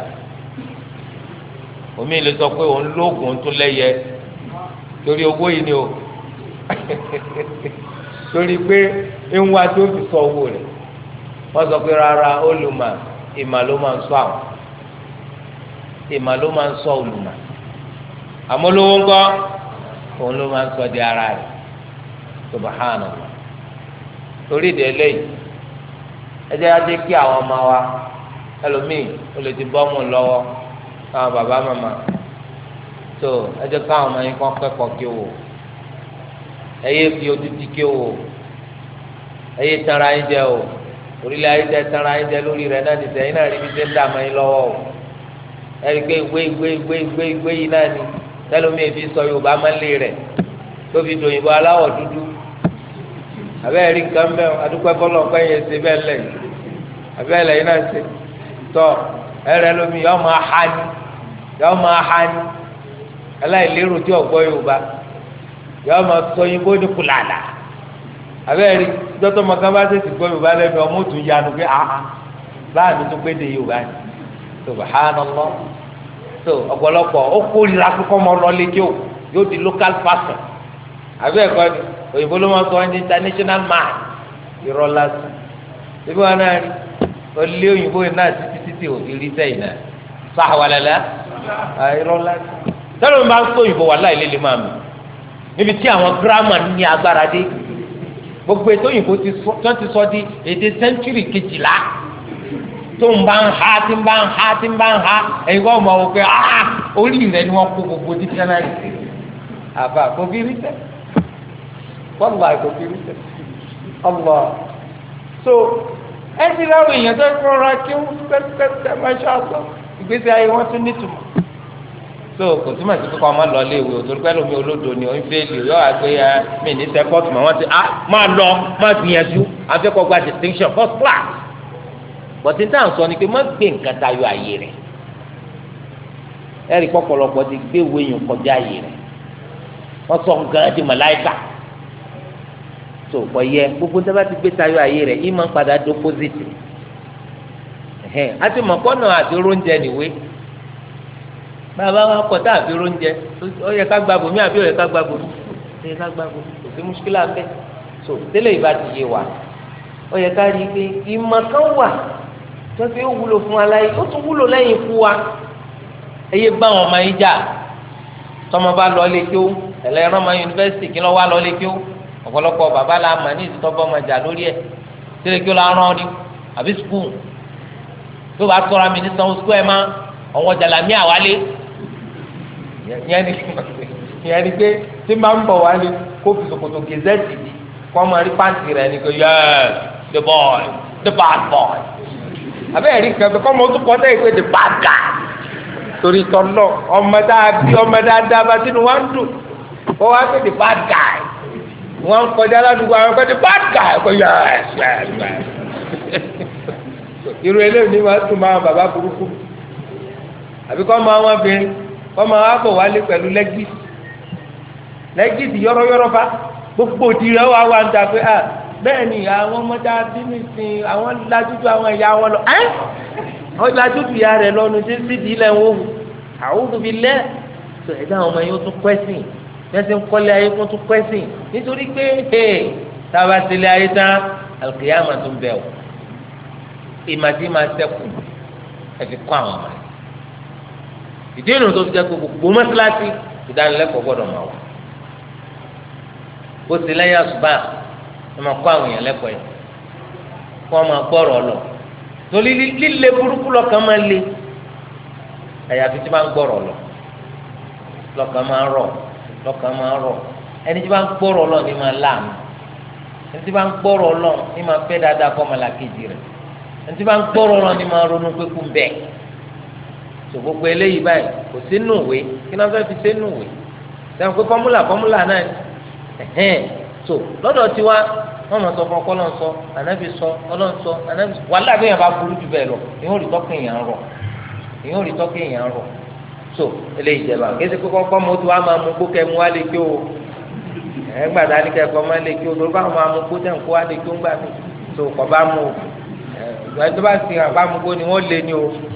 omi lè sọ pé òun lóògùn tó lẹ́yẹ torí owó yìí ni o torí pé ń wá tí ó fi sọ owó rẹ̀ wọ́n sọ pé rárá olùmọ̀ ìmọ̀ ló máa ń sọ àwọn ló di ara rẹ̀ subahana torí ìdè eléyìí ẹ jẹ́ kí àwọn ọmọ wa ẹlòmíì ó lè ti bọ́mù lọ́wọ́ káwọn bàbá màmá tó ẹ káwọn ọmọ yín kọ́ kẹ́kọ̀ọ́ kí o ẹ yé fi ojú ẹyẹ tara yín jẹ o orílẹ̀ ayé tẹ tara yín jẹ lórí rẹ̀ náà nìṣẹ́ yín náà rí bí ṣe ń dà mọ́ yín lọ́wọ́ o ẹ̀rí pé ìwé ìwé ìwé ìwé ìwé yìí náà ni tẹ́lómi èfi sọ Yorùbá mọ́lé rẹ̀ tóbi aláwọ̀ dúdú abẹ́ mẹ́ o adúpẹ́ ọ̀pẹ́ yẹn ṣe bẹ́ẹ̀ lẹ̀ abẹ́ yín náà ṣe tọ́ ẹ̀rẹ́ lómi dọ́tọ̀ ọmọ bá ṣèṣì gbọ́ yorùbá lẹ́nu ọmọ òtún yanu pé aha ah, láàánú tó pé de yorùbá ni subhanallah so ọ̀pọ̀lọpọ̀ ó kórìíra kókó ọmọ lọ́lé kí yóò di local person àbí ẹ̀kọ́ ni òyìnbó ló máa sọ ẹni international man ibi wọn náà rí olè òyìnbó yìí náà títí títí òbí rí sẹ́yìn náà sàwàlẹ́lẹ́ bá ń òyìnbó wà láì gbogbo ètò òyìnbó tí wọ́n ti sọ di èdè sẹ́ńtúrì kejìlá tó ń bá ń ha tí ń bá ń ha tí ń bá ń ha ẹ̀yin wọ́n mọ̀ wọ́n pé ah orí rẹ̀ ni wọ́n kó gbogbo dísẹ́nárì sí àbá kò fi rí sẹ́ wọ́lá kò fi rí sẹ́ ọlọ́ so ẹ ti láwọn èèyàn tó ń rọra kí wọ́n pẹ́pẹ́pẹ́ máa ṣáà sọ ìgbésí ayé wọn tún nítumọ̀ so kò túmọ̀ sí kíkọ́ ọmọ lọ lé ìwé òtò pẹ́lú mi olódo ni òun fẹ́ lè yọ àgbé ya mi ní sẹ́kọ́tù mọ́ wọ́n ti ah máa lọ máa gbìyànjú afẹ́kọ̀ọ́ gba distinction first class bọ̀tí táà ń sọ ni pé má gbé nǹkan tayọ àyè rẹ̀ ẹ̀rí pọ̀pọ̀lọpọ̀ ti gbé wéyìn kọjá àyè rẹ̀ wọ́n sọ nǹkan di màláìkà tó kọ yẹ gbogbo tí a bá ti gbé tayọ àyè rẹ̀ ìmọ̀ padà dópósìtì ẹ̀hẹ́n àti mọ̀kọ́nà bàbá wa kọ tá àfi oúnjẹ ó yẹ ká gba bòmí àbí ó yẹ ká gba bòmí ó yẹ ká gba bòmí kò sí mùsùlùmí àfẹ so tẹ́lẹ̀ ìbá ti yé wa ó yẹ ká rí i pé ìmọ̀ kan wà tó fi wúlò fún aláyé ó tún wúlò lẹ́yìn fún wa eye bá wọn máa ń jà tọmọ bá lọ lé kí ó ẹlẹ́rọ máa yunifásitì kí lọ́ wá lọ lé kí ó ọ̀pọ̀lọpọ̀ bàbá la mà ní ìtọ́bọ̀ máa jà lórí ẹ̀ tẹ́lẹ̀ kí ó la rán ni àbí skul tó bá tọ́ra mi ní sanwó skul ẹ̀ má ọ̀wọ́ jàlámí àwálé ìyẹn ni pé tí máa ń bọ̀ wá ní kó fi ṣòkòtò gẹ̀zẹ́tì ni kó máa rí pàǹtì rẹ̀ ni kò yẹ́ẹ̀ the boy the bad boy abẹ́rẹ́ rí kan kọ́ mọ́ tó kọ́ sẹ́yìn pé the bad guy torí tọ́lọ́ ọmọ dáadé ọmọ dáadáa bá sínú wá ń dùn ó wá pé the bad guy wọ́n ń kọjá ládùúgbò àwọn kan the bad guy kò yẹ́ẹ̀ yẹ́ẹ̀ irú eléyìí ni wọ́n tún máa bàbá burúkú àbíkọ́ máa wọ́n bẹ́ẹ̀ ọmọ abọ̀ wálé pẹ̀lú lẹ́gìt lẹ́gìt yọ́rọ́yọ́rọ́ bá gbogbo òdìrẹ wà wà ń dàgbé à ah, bẹ́ẹ̀ ni àwọn ọmọdé abínú sin àwọn lajújú àwọn ẹ̀yà wọn lọ ẹ́ wọ́n lajújú ya rẹ̀ lọ́nu tí sídìí ilẹ̀ ń wò àwùjọ bíi lẹ́ẹ̀ tó ẹ̀dá àwọn ọmọ yẹn ó tún kwẹ́sìn yẹn ń kọ́lé ayé kún tún pẹ́sìn nítorí pé ee tába tẹ̀lé ayé tán alùpùpù yà máa tún bẹ̀ o ìmàdí máa sẹ́kù ẹ̀fí kọ́ ìdí ìrìn tó fi jẹ́ pé gbogbo mọ́sálásí ìdánilẹ́kọ̀ọ́ gbọ́dọ̀ máa wà bó ti lẹ́yìn àṣùbà ẹ máa kọ́ àwọn èèyàn lẹ́kọ̀ọ́ yẹn kó wọn máa gbọ́rọ̀ lọ torí líle burúkú lọ́kàn máa le àyàfi tí máa ń gbọ́rọ̀ lọ lọ́kàn máa rọ̀ lọ́kàn máa rọ̀ ẹni tí máa gbọ́rọ̀ lọ ni máa láàmú ẹni tí máa ń gbọ́rọ̀ lọ ni máa fẹ́ dáadáa fọ́ ọmọlàkejì rẹ̀ ẹni tí máa gbọ́rọ̀ lọ ni máa ronú pé bẹ́ẹ̀ tó gbogbo eléyìí báyìí kò sí nù wé kí náà fẹ́ fi sí nù wé sẹ́wọ̀n pé fọ́múlà fọ́múlà náà ẹ̀hẹ́n tó lọ́dọ̀ tiwa wọ́n mọ̀ sọ fún ọkọ lọ́n sọ ànábì sọ ọlọ́n sọ ànábì sọ wàhálà bí yẹn bá burú jù bẹ́ẹ̀ lọ ìyẹn ò rí tọ́kì èèyàn rọ̀ ìyẹn ò rí tọ́kì èèyàn rọ̀ tó eléyìí jẹba kéde kókó kọ́ mo tó máa mú o ẹ̀ gbàdá ní kẹ́kọ̀ọ́ máa lè kí o tó bá máa mú gbó tẹ̀ kó wá lè kí o ń gbà mí tó kọ́ bá mú o ẹ̀ ìgbà tó bá ti hàn bá mú gbó ni wọ́n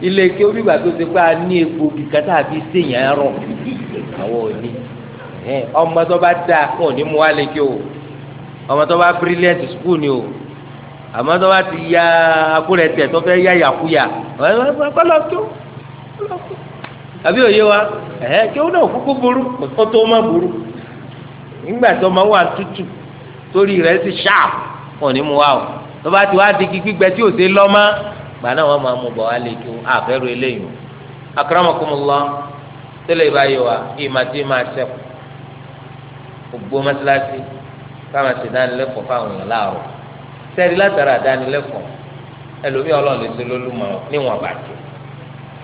ilé kí onígbà tó ṣe pé a ní epo kìkà tàbí séèyàn rọ àwọn òní ọmọ tó bá dá kò ní mú wálé kí o ọmọ tó bá brilliant school ni o tó bá ti ya akúrẹ̀tẹ̀ tó fẹ́ ya tó àbí òye wa kí ó náà kúkú burú kó tó má burú nígbà tó wà tútù torí ti ṣáà kò wa o tó bá ti wá di gbígbẹ tí ò ṣe lọ́ gbà náà wọn máa mú bọ̀ wá lè kí wọn àfẹ́rù eléyìí akramakumullah tẹ́lẹ̀ ìbáyé wa ìmà tí ìmà sẹ́kù gbogbo mọ́sálásí káwọn ṣe dánilẹ́kọ̀ọ́ fáwọn èèyàn láàárọ̀ sẹ́ẹ̀dì látara dánilẹ́kọ̀ọ́ ẹlòmí ọlọ́run lè ṣe lólúmọ níwọ̀n bàjẹ́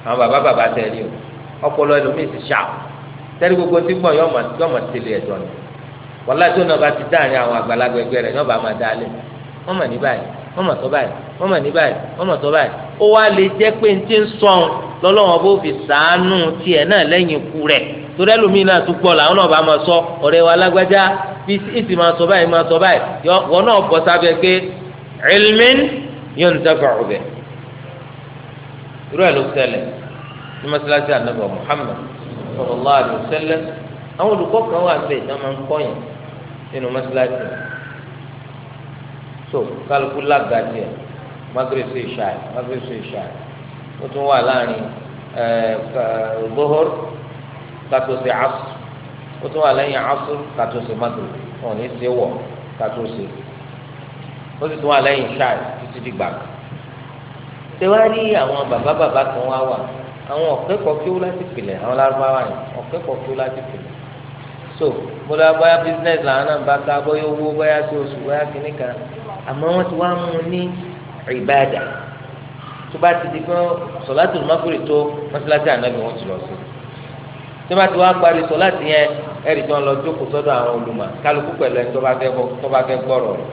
àwọn bàbá bàbá tẹ̀lé o ọpọlọ ẹlòmí ti ṣá sẹ́ẹ̀dì gbogbo tí gbọ̀n yọmọ tẹ̀lé ẹ̀dọ́ ni wọ́n láti ọ̀nà bá ti dáàrin àwọn àgbàlagbẹ̀gbẹ̀ rẹ̀ yọ̀ọ́ bá máa dálé wọ́n mọ̀ ní báyìí wọ́n mọ̀ sọ báyìí wọ́n mọ̀ ní báyìí wọ́n mọ̀ sọ báyìí ó wá lè jẹ́ pé ní ti ń sọ̀n lọ́lọ́wọ́n bó fi sàánú tiẹ̀ náà lẹ́yìn ikú rẹ̀ torí ẹlòmíín náà tún gbọ́ làwọn náà bá máa sọ ọ̀rẹ́ wa lágbájá bí ìsì máa sọ báyìí máa sọ báyìí wọn náà bọ̀ sábẹ́ pé ilmin yóò ń tẹ́fà ọ̀bẹ̀ irú ẹ̀ ló ṣẹlẹ̀ ní mọ́sálásí ànábọ̀ Muhammad sallallahu alaihi wasallam àwọn olùkọ́ kan wà so kálukú lágbàdì ẹ magreth ṣe ṣáì magreth ṣe ṣáì ó tún wà láàrin gbóhor eh, kátó ṣe asr ó tún wà lẹ́yìn asr kátó ṣe magreth wọn ní ṣe wọ kátó ṣe ó sì tún wà lẹ́yìn ṣáì títí dìgbà tẹwárí àwọn bàbá bàbá kan wá wà àwọn ọ̀kẹ́kọ̀ọ́ kí ó láti pìlẹ̀ àwọn lárúbáwá yẹn ọ̀kẹ́kọ̀ọ́ kí ó láti pìlẹ̀ so mo lọ bóyá business làwọn náà bá ká bóyá owó bóyá sí oṣù bóyá kíní kan àmọ́ wọ́n ti wá mú un ní ìbáàdà tó bá ti di pé sọ̀láàtì olùmọ́kùnrì tó mọ́sálásí ànábì wọn ti lọ sí tó bá ti wá parí sọ̀láàtì yẹn ẹ̀rì tí wọ́n lọ jókòó sọ́dọ̀ àwọn olùmọ̀ kálukú pẹ̀lú ẹni tó bá fẹ́ gbọ́rọ̀ rẹ̀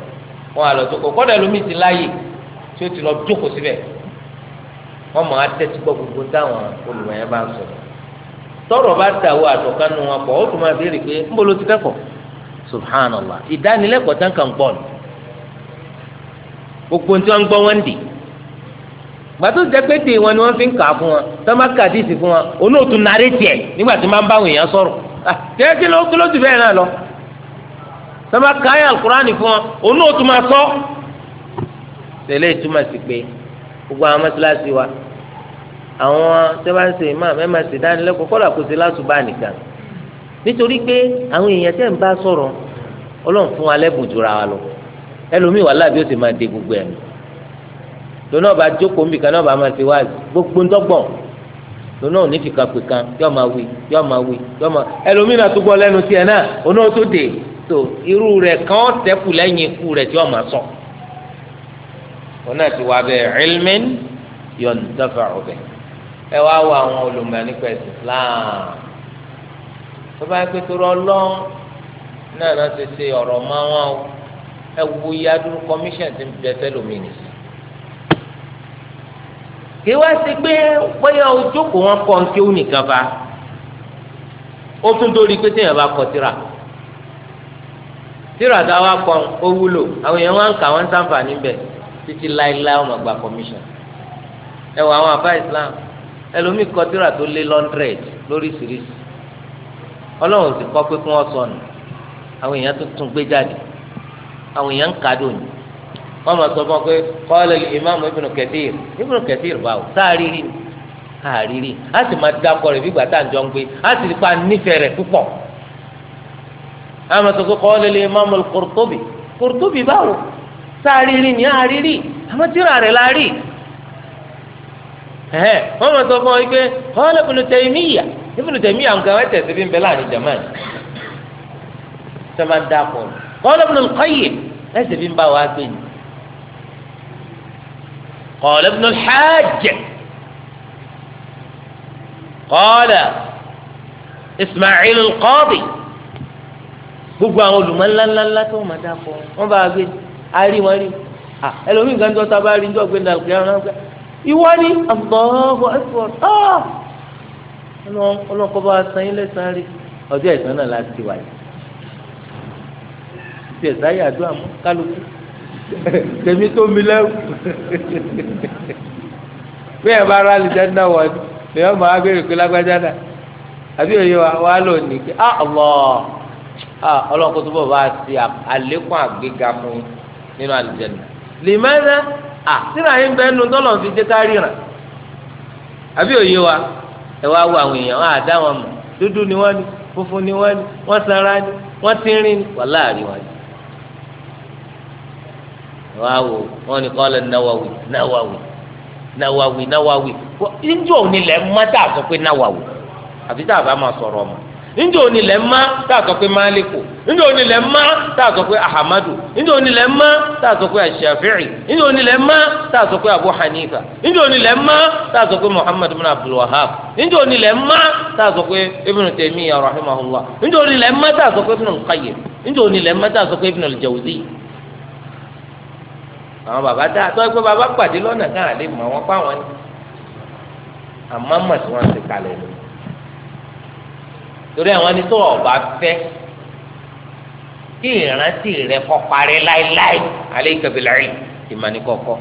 wọ́n á lọ jókòó kọ́dọ̀ ẹlòmíì ti láàyè tí ó ti lọ jókòó síbẹ̀ wọ́n mọ̀ á tẹ́tí gbọ́ gbogbo táwọn olùmọ̀ yẹn bá ń sọ̀rọ̀ tọrọ bá dàwọ àtọ̀kánu wọn pọ̀ ó tún máa béèrè pé ńbolo ti kẹ́kọ̀ọ́ subhanallah ìdánilẹ́kọ̀ọ́ tán kàn pọ̀ ni gbogbo tí wọ́n gbọ gbọ́ di. gbàtó wọn ni wọ́n fi ń kà fún wọn tọ́mọ kàdísì fún wọn olóòtú nàárẹ̀ tiẹ̀ nígbà tí máa ń báwọn èèyàn sọ̀rọ̀ kí ló kí ló ti bẹ́ẹ̀ náà lọ tọ́mọ káyà alukurani fún wọn olóòtú máa sọ. tẹ̀lé ìtumọ̀ sí pé gbogbo àwọn mọ́sálásí wa àwọn dánilẹ́kọ̀ọ́ kọ́lá kò sí nìkan nítorí pé àwọn èèyàn tẹ́ lọ ẹlòmíì wà láàbí ó sì máa de gbogbo ẹ̀ lónà ọba jókòó nbì kan náà ọba máa ti wá gbogbo ńdọ́gbọ̀n lónà òní fìkà pè kan yọ máa wí yọ máa wí yọ máa ẹlòmíì náà tó gbọ́ lẹ́nu tiẹ̀ náà ònà ó tó dé tó irú rẹ̀ kàn ọ́ tẹ́kù lẹ́yìn ikú rẹ̀ tí wọ́n máa sọ ònà ti wá bẹ́ẹ̀ ilmin yọ̀ǹdọ́fà ọ̀bẹ̀ ẹ wá wọ àwọn olùmọ̀ Islam tó bá yẹ pé torí ọlọ́ náà náà ti ṣe ọ̀rọ̀ máa wọn o ẹ wo iye commission ti ń bẹ fẹlómìnì kí wá sí pé bóyá ojú kò wọn kọ nkí ó nìkan fa ó tún dórí pé téèyàn bá kọ tírà tírà tá a wá kọ ó wúlò àwọn èèyàn wọn kà wọn ń sàǹfà níbẹ̀ títí láéláé wọn gba commission ẹ wọ àwọn àbá islam ẹlòmíì kọ tírà tó lé lọ́ndrẹ̀d lóríṣiríṣi ọlọ́run sì kọ́ pé kí wọ́n sọnù àwọn èèyàn tó tún gbé jáde àwọn èèyàn ń kàdó ni wọn máa sọ fún ọ pé qala al-imam ibn kathir ibn kathir báwo sáàrírì àrírí a sì máa dákọ rẹ̀ fígbà tá à ń jọ ń gbé a sì pa nífẹ̀ẹ́ rẹ̀ púpọ̀ a máa sọ pé qala al-imam al-qurtubi qurtubi báwo sáàrírì ni àrírí àmọ́ tíra rẹ̀ la rí ẹhẹ wọn máa sọ fún ọ pé qala ibn taymiya ibn taymiya nǹkan ẹ̀ tẹ̀sí ń bẹ láàrin jamani al-qayyim ẹsẹ̀ fi ń bá wa gbé ni qala ibn al-hajj qala ismail al-qadi gbogbo àwọn olùmọ̀ ńláńláńlá tó máa dá fún wọn bá gbé arí wọn rí à ẹlòmíì nǹkan tó ta bá rí njọ́ gbé nàlùkì àwọn ọ̀nà ìwọ ni àbọ̀wọ̀ ẹ̀fọ́ ọ̀nà ọlọ́kọ̀ bá san ilé sáré ọjọ́ ìtàn náà láti wáyé tiẹ̀ sáyé àdúrà mọ́ kálukú tèmi tó mi lẹ́wù bí ẹ bá rà lìjẹ́ náà wọ̀ ni èèyàn máa béèrè pé lágbájá náà àbí òye wa wà lónìí kí á ah, ọ̀lọ́ ah, ọlọ́kùn tó bọ̀ bá ti àlékún àgbéga fún nínú àlìjẹ́ náà lèmẹ́nà à sínú àyè ń bẹ́ẹ̀ nu tọ́lọ̀ fi jẹ́ ká ríran àbí òye wa ẹ wá wo àwọn èèyàn wọn àdá wọn mọ̀ dúdú ni wọ́n ní funfun ni wọ́n ní wọ́n sanra ní wọ́n tínrín ní wàhálà àríwá ní wọ́n á wò wọ́n ní kọ́lẹ̀ náwáwì náwáwì náwáwì náwáwì níjọ́ òní lẹ́ mọ́ tá a sọ pé náwáwì àfi tá a bá máa sọ̀rọ̀ ọmọ níjọ́ òní lẹ́ mọ́ tá a sọ pé máàlíkù níjọ́ òní lẹ́ mọ́ tá a sọ pé ahamadu níjọ́ òní lẹ́ mọ́ tá a sọ pé ashafi'i níjọ́ òní lẹ́ mọ́ tá a sọ pé abu hanifa níjọ́ òní lẹ́ mọ́ tá a sọ pé muhammadu bin abdul wahab níjọ́ òní lẹ́ mọ́ tá a sọ pé ibn taymiya rahimahullah níjọ́ òní lẹ́ mọ́ tá a sọ pé ibn qayyim níjọ́ òní lẹ́ mọ́ tá a sọ pé ibn al àwọn bàbá dá àtọ́ ẹgbẹ́ bàbá pàdé lọ́nà kan àlè mọ̀ wọ́n pa wọn ni àmọ́ mọ̀ tí wọ́n ti kalẹ̀ lọ. torí àwọn ẹni tó ọba fẹ́ kí ìrántí rẹ kọ́ parí láéláé alẹ́ ìkẹbìlẹ́rì ìmọ̀ni kọ̀ọ̀kọ́.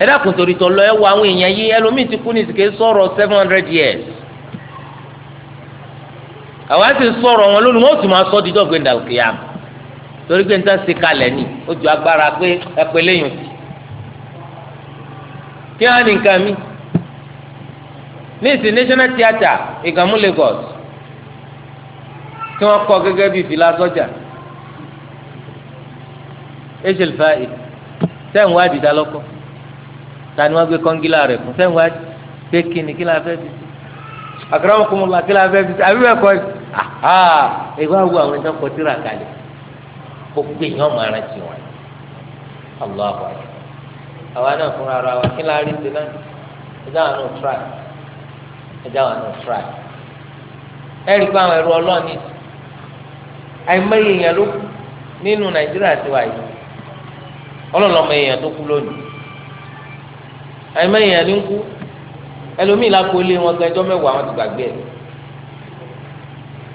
ẹ dákun torí tọ́ lọ ẹ wọ àwọn èèyàn yìí ẹlòmíì ti kú ní ìsìnkè sọ̀rọ̀ seven hundred years. àwa ti sọ̀rọ̀ wọn lónìí wọ́n sì máa sọ́ dídọ́gbẹ́ndà òkè torí pé níta ṣe kalẹ̀ ni ó ju agbára pé ẹpẹ lẹ́yìn òsì kí á ní nǹkan mi ní ìsìn national theatre ìgànmú Lagos tí wọ́n kọ́ gẹ́gẹ́ bíi fìlà sọ́jà ẹ̀ṣẹ̀ lè fa ẹ̀ sẹ́yìn wádìí dá lọ́kọ́ ta ni wọ́n gbé kọ́ngílà rẹ̀ fún sẹ́yìn wádìí pé kí ni kí la fẹ́ fi àkàrà wọn kò mọ̀ la kí la fẹ́ fi àbí bẹ́ẹ̀ kọ́ ẹ̀ ẹ̀gbọ́n àwọn àwọn ìjọba kọ́ tíra kalẹ̀ gbogbo èèyàn máa rántí wọn Allahu akbar àwa náà fúnra ara wa kí la rí náà ẹjá wa náà try ẹjá wa náà try ẹ̀rí pé àwọn ẹ̀rọ ọlọ́ọ̀ni àìmọye èèyàn ló kú nínú Nàìjíríà ti wà yìí ọlọ́lọ́mọ èèyàn tó kú lónìí àìmọye èèyàn ló ń kú ẹlòmíì lákòólé wọn gan ẹjọ́ mẹ́wàá wọn ti gbàgbé ẹ̀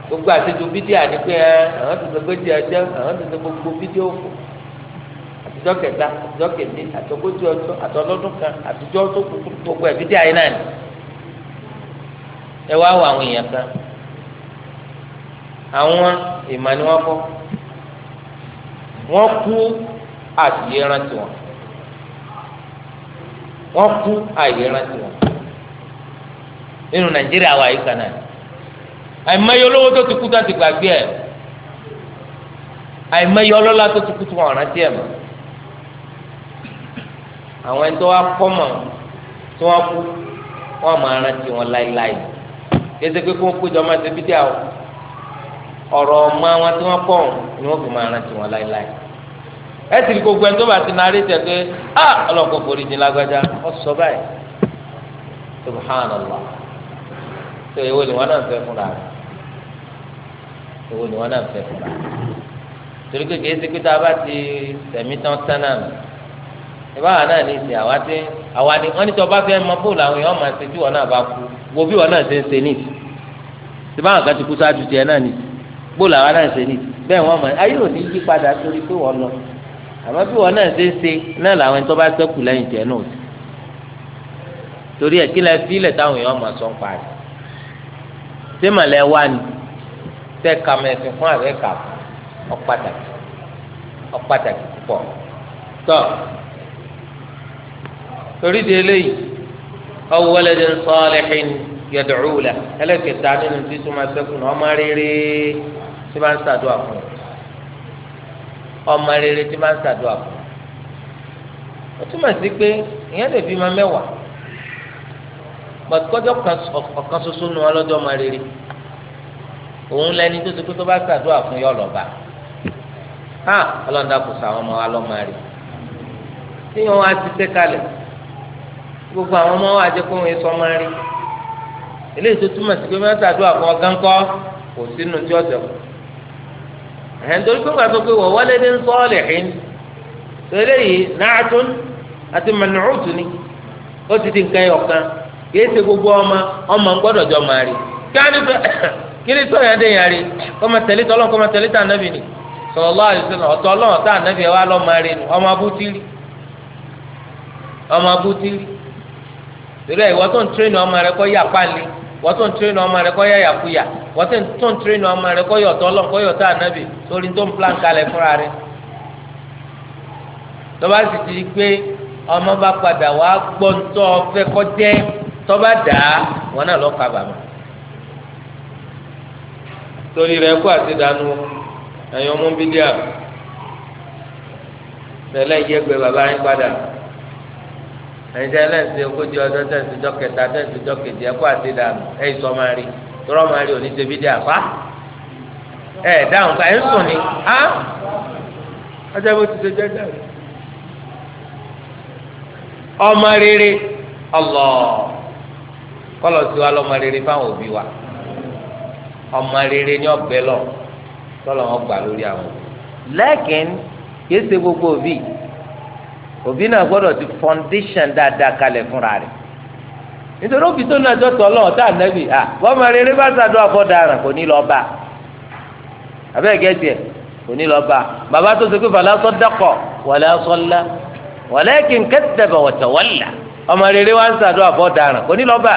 gbogbo àtẹjọ fídíò ni pé àwọn tuntun gbèjì ọjọ́ àwọn tuntun gbogbo fídíò òfò àtijọ́ kẹta àtijọ́ kẹdé àtọgbójì ọjọ́ àtọlọ́dún kan àtijọ́ tó kúkú gbogbo ẹ̀ fídíò ayé náà ni ẹ wá wọ àwọn èèyàn kan àwọn ìmọ̀ ni wọ́n kọ́ wọ́n kú rántí wọn wọ́n kú rántí wọn nínú Nàìjíríà wà àìmọye olówó tó ti kú tó ti gbàgbé ẹ̀ àìmọye ọlọ́lá tó ti kú tó wọn rántí ẹ̀ mọ́ àwọn ẹni tó wá kọ́ mọ̀ tó wá kú wọn máa rántí wọn láéláé kéde pé kó ń péjọ máa ṣe bídíà o ọ̀rọ̀ ọmọ wọn tí wọ́n kọ́ ni wọ́n fi máa rántí wọn láéláé ẹ sì rí gbogbo ẹni tó bá ti narí tẹ̀ pé a ọlọ́kọ̀ forí jìn lágbájá ọ sọ báyìí subhanallah tó ìwé ni wọn náà fẹ́ fúnra rẹ̀ owó ni wọn náà fẹ́ fún wa torí pé kìí ṣe tá a bá ti tẹ̀mí tán sánà mi ìbáwa náà ní ìsìn àwa tí àwa ni wọn ní tí wọn bá fẹ́ mọ bóòlù àwọn èèyàn máa ṣe tí wọn náà bá kú wo bí wọn náà ṣe ń ṣe ní ìsìn ìbáwa kan ti kú sáájú tiẹ̀ náà ní bóòlù àwa náà ṣe ní bẹ́ẹ̀ wọn mọ ayé ò ní yí padà torí pé wọn lọ àmọ́ bí wọn náà ṣe ń ṣe náà làwọn ẹni tó bá ṣẹ́kù lẹ́yìn tiẹ̀ náà torí ẹ̀ lẹ fílẹ̀ táwọn èèyàn máa sọ ń parí ṣé wá ni tẹ kàmẹsìn fún àbẹ kà ọpàtàkì ọpàtàkì púpọ̀ tọ torí di eléyìí ọwọlẹdẹ sọọlẹhìn yẹdùrúwùlà ẹlẹkẹta nínú títún máa sẹkùn ọmọ rere tí máa ń ṣàdúrà fún ọmọ rere tí máa ń ṣàdúrà fún ó túmọ̀ sí pé ìyẹn lè fi máa mẹ́wàá pàtó kọjọ́ kan ṣoṣo ọlọ́jọ́ òun lẹni tó ti kú tó bá ṣàdúrà fún yọ ha ọlọ́dà kò ọmọ wa lọ́mọ rẹ̀ tí wọn á ti gbogbo àwọn ọmọ wa jẹ́ kó wọn sọ ọmọ rẹ̀ eléyìí tó túmọ̀ sí pé fún ọgán kọ́ kò sínú tí ọ̀sẹ̀ kù ẹ̀hìn torí pé pé wọ́n wọlé ni ó ti di nǹkan kì í ṣe gbogbo ọmọ ọmọ gbọ́dọ̀ jọ kíni tó yẹn dé yẹn rí kọ́mọ tẹ̀lé tọ́lọ́ kọ́mọ tẹ̀lé tà nàbì ni sallallahu alaihi wasallam ọ̀tọ̀ ọlọ́run tà nàbì ẹ̀ wá lọ́ máa rí nu ọmọ abútírì ọmọ abútírì torí ẹ̀ wọ́n tó ń tírẹ́nì ọmọ rẹ kọ́ yà pálí wọ́n tó ń tírẹ́nì ọmọ rẹ kọ́ yà yàkuyà wọ́n tó ń tírẹ́nì ọmọ rẹ kọ́ yọ̀ tọ́lọ́ kọ́ yọ̀ tà nàbì torí tó ń plan kalẹ̀ fúnra rẹ tọ́ba torí rẹ kó àṣedànù ẹ̀yin ọmọ bídíà tẹ́lẹ̀ yẹgbẹ́ bàbá yín padà ẹ̀yin tẹ́lẹ̀ ṣe ogójì ọjọ́ tẹ̀sí jọ kẹta tẹ̀sí jọ kejì ẹ̀kọ́ àṣedànù ẹ̀yin sọ máa rí tọ́rọ máa rí òní ṣe bídíà fa ẹ̀ dáhùn ká ẹ̀ sùn ni á ọjọ́ bó ti ṣe ọmọ rere wa lọ́mọ rere fáwọn òbí ọmọ rere ní ọbẹ lọ tọlọ wọn gbà lórí àwọn lẹ́kìn kìí ṣe gbogbo òbí òbí náà gbọ́dọ̀ ti foundation dáadáa kalẹ̀ fúnra rẹ̀ nítorí òbí tó náà jọ́tọ̀ ọlọ́run tá à nẹ́bì à bọ́mọ rere bá ṣàdúrà fọ́daràn kò ní lọ́ọ́ bá abẹ́ gẹ́tì ẹ̀ kò ní lọ́ọ́ bá bàbá tó ṣe pé fàlà sọ dẹ́kọ̀ wàlẹ́ sọ ńlá wàlẹ́kìn kẹ́tẹ̀bẹ̀ wọ̀tẹ̀wọ́là ọmọ rere wá ń ṣàdúrà fọ́daràn kò ní lọ́ọ́ bá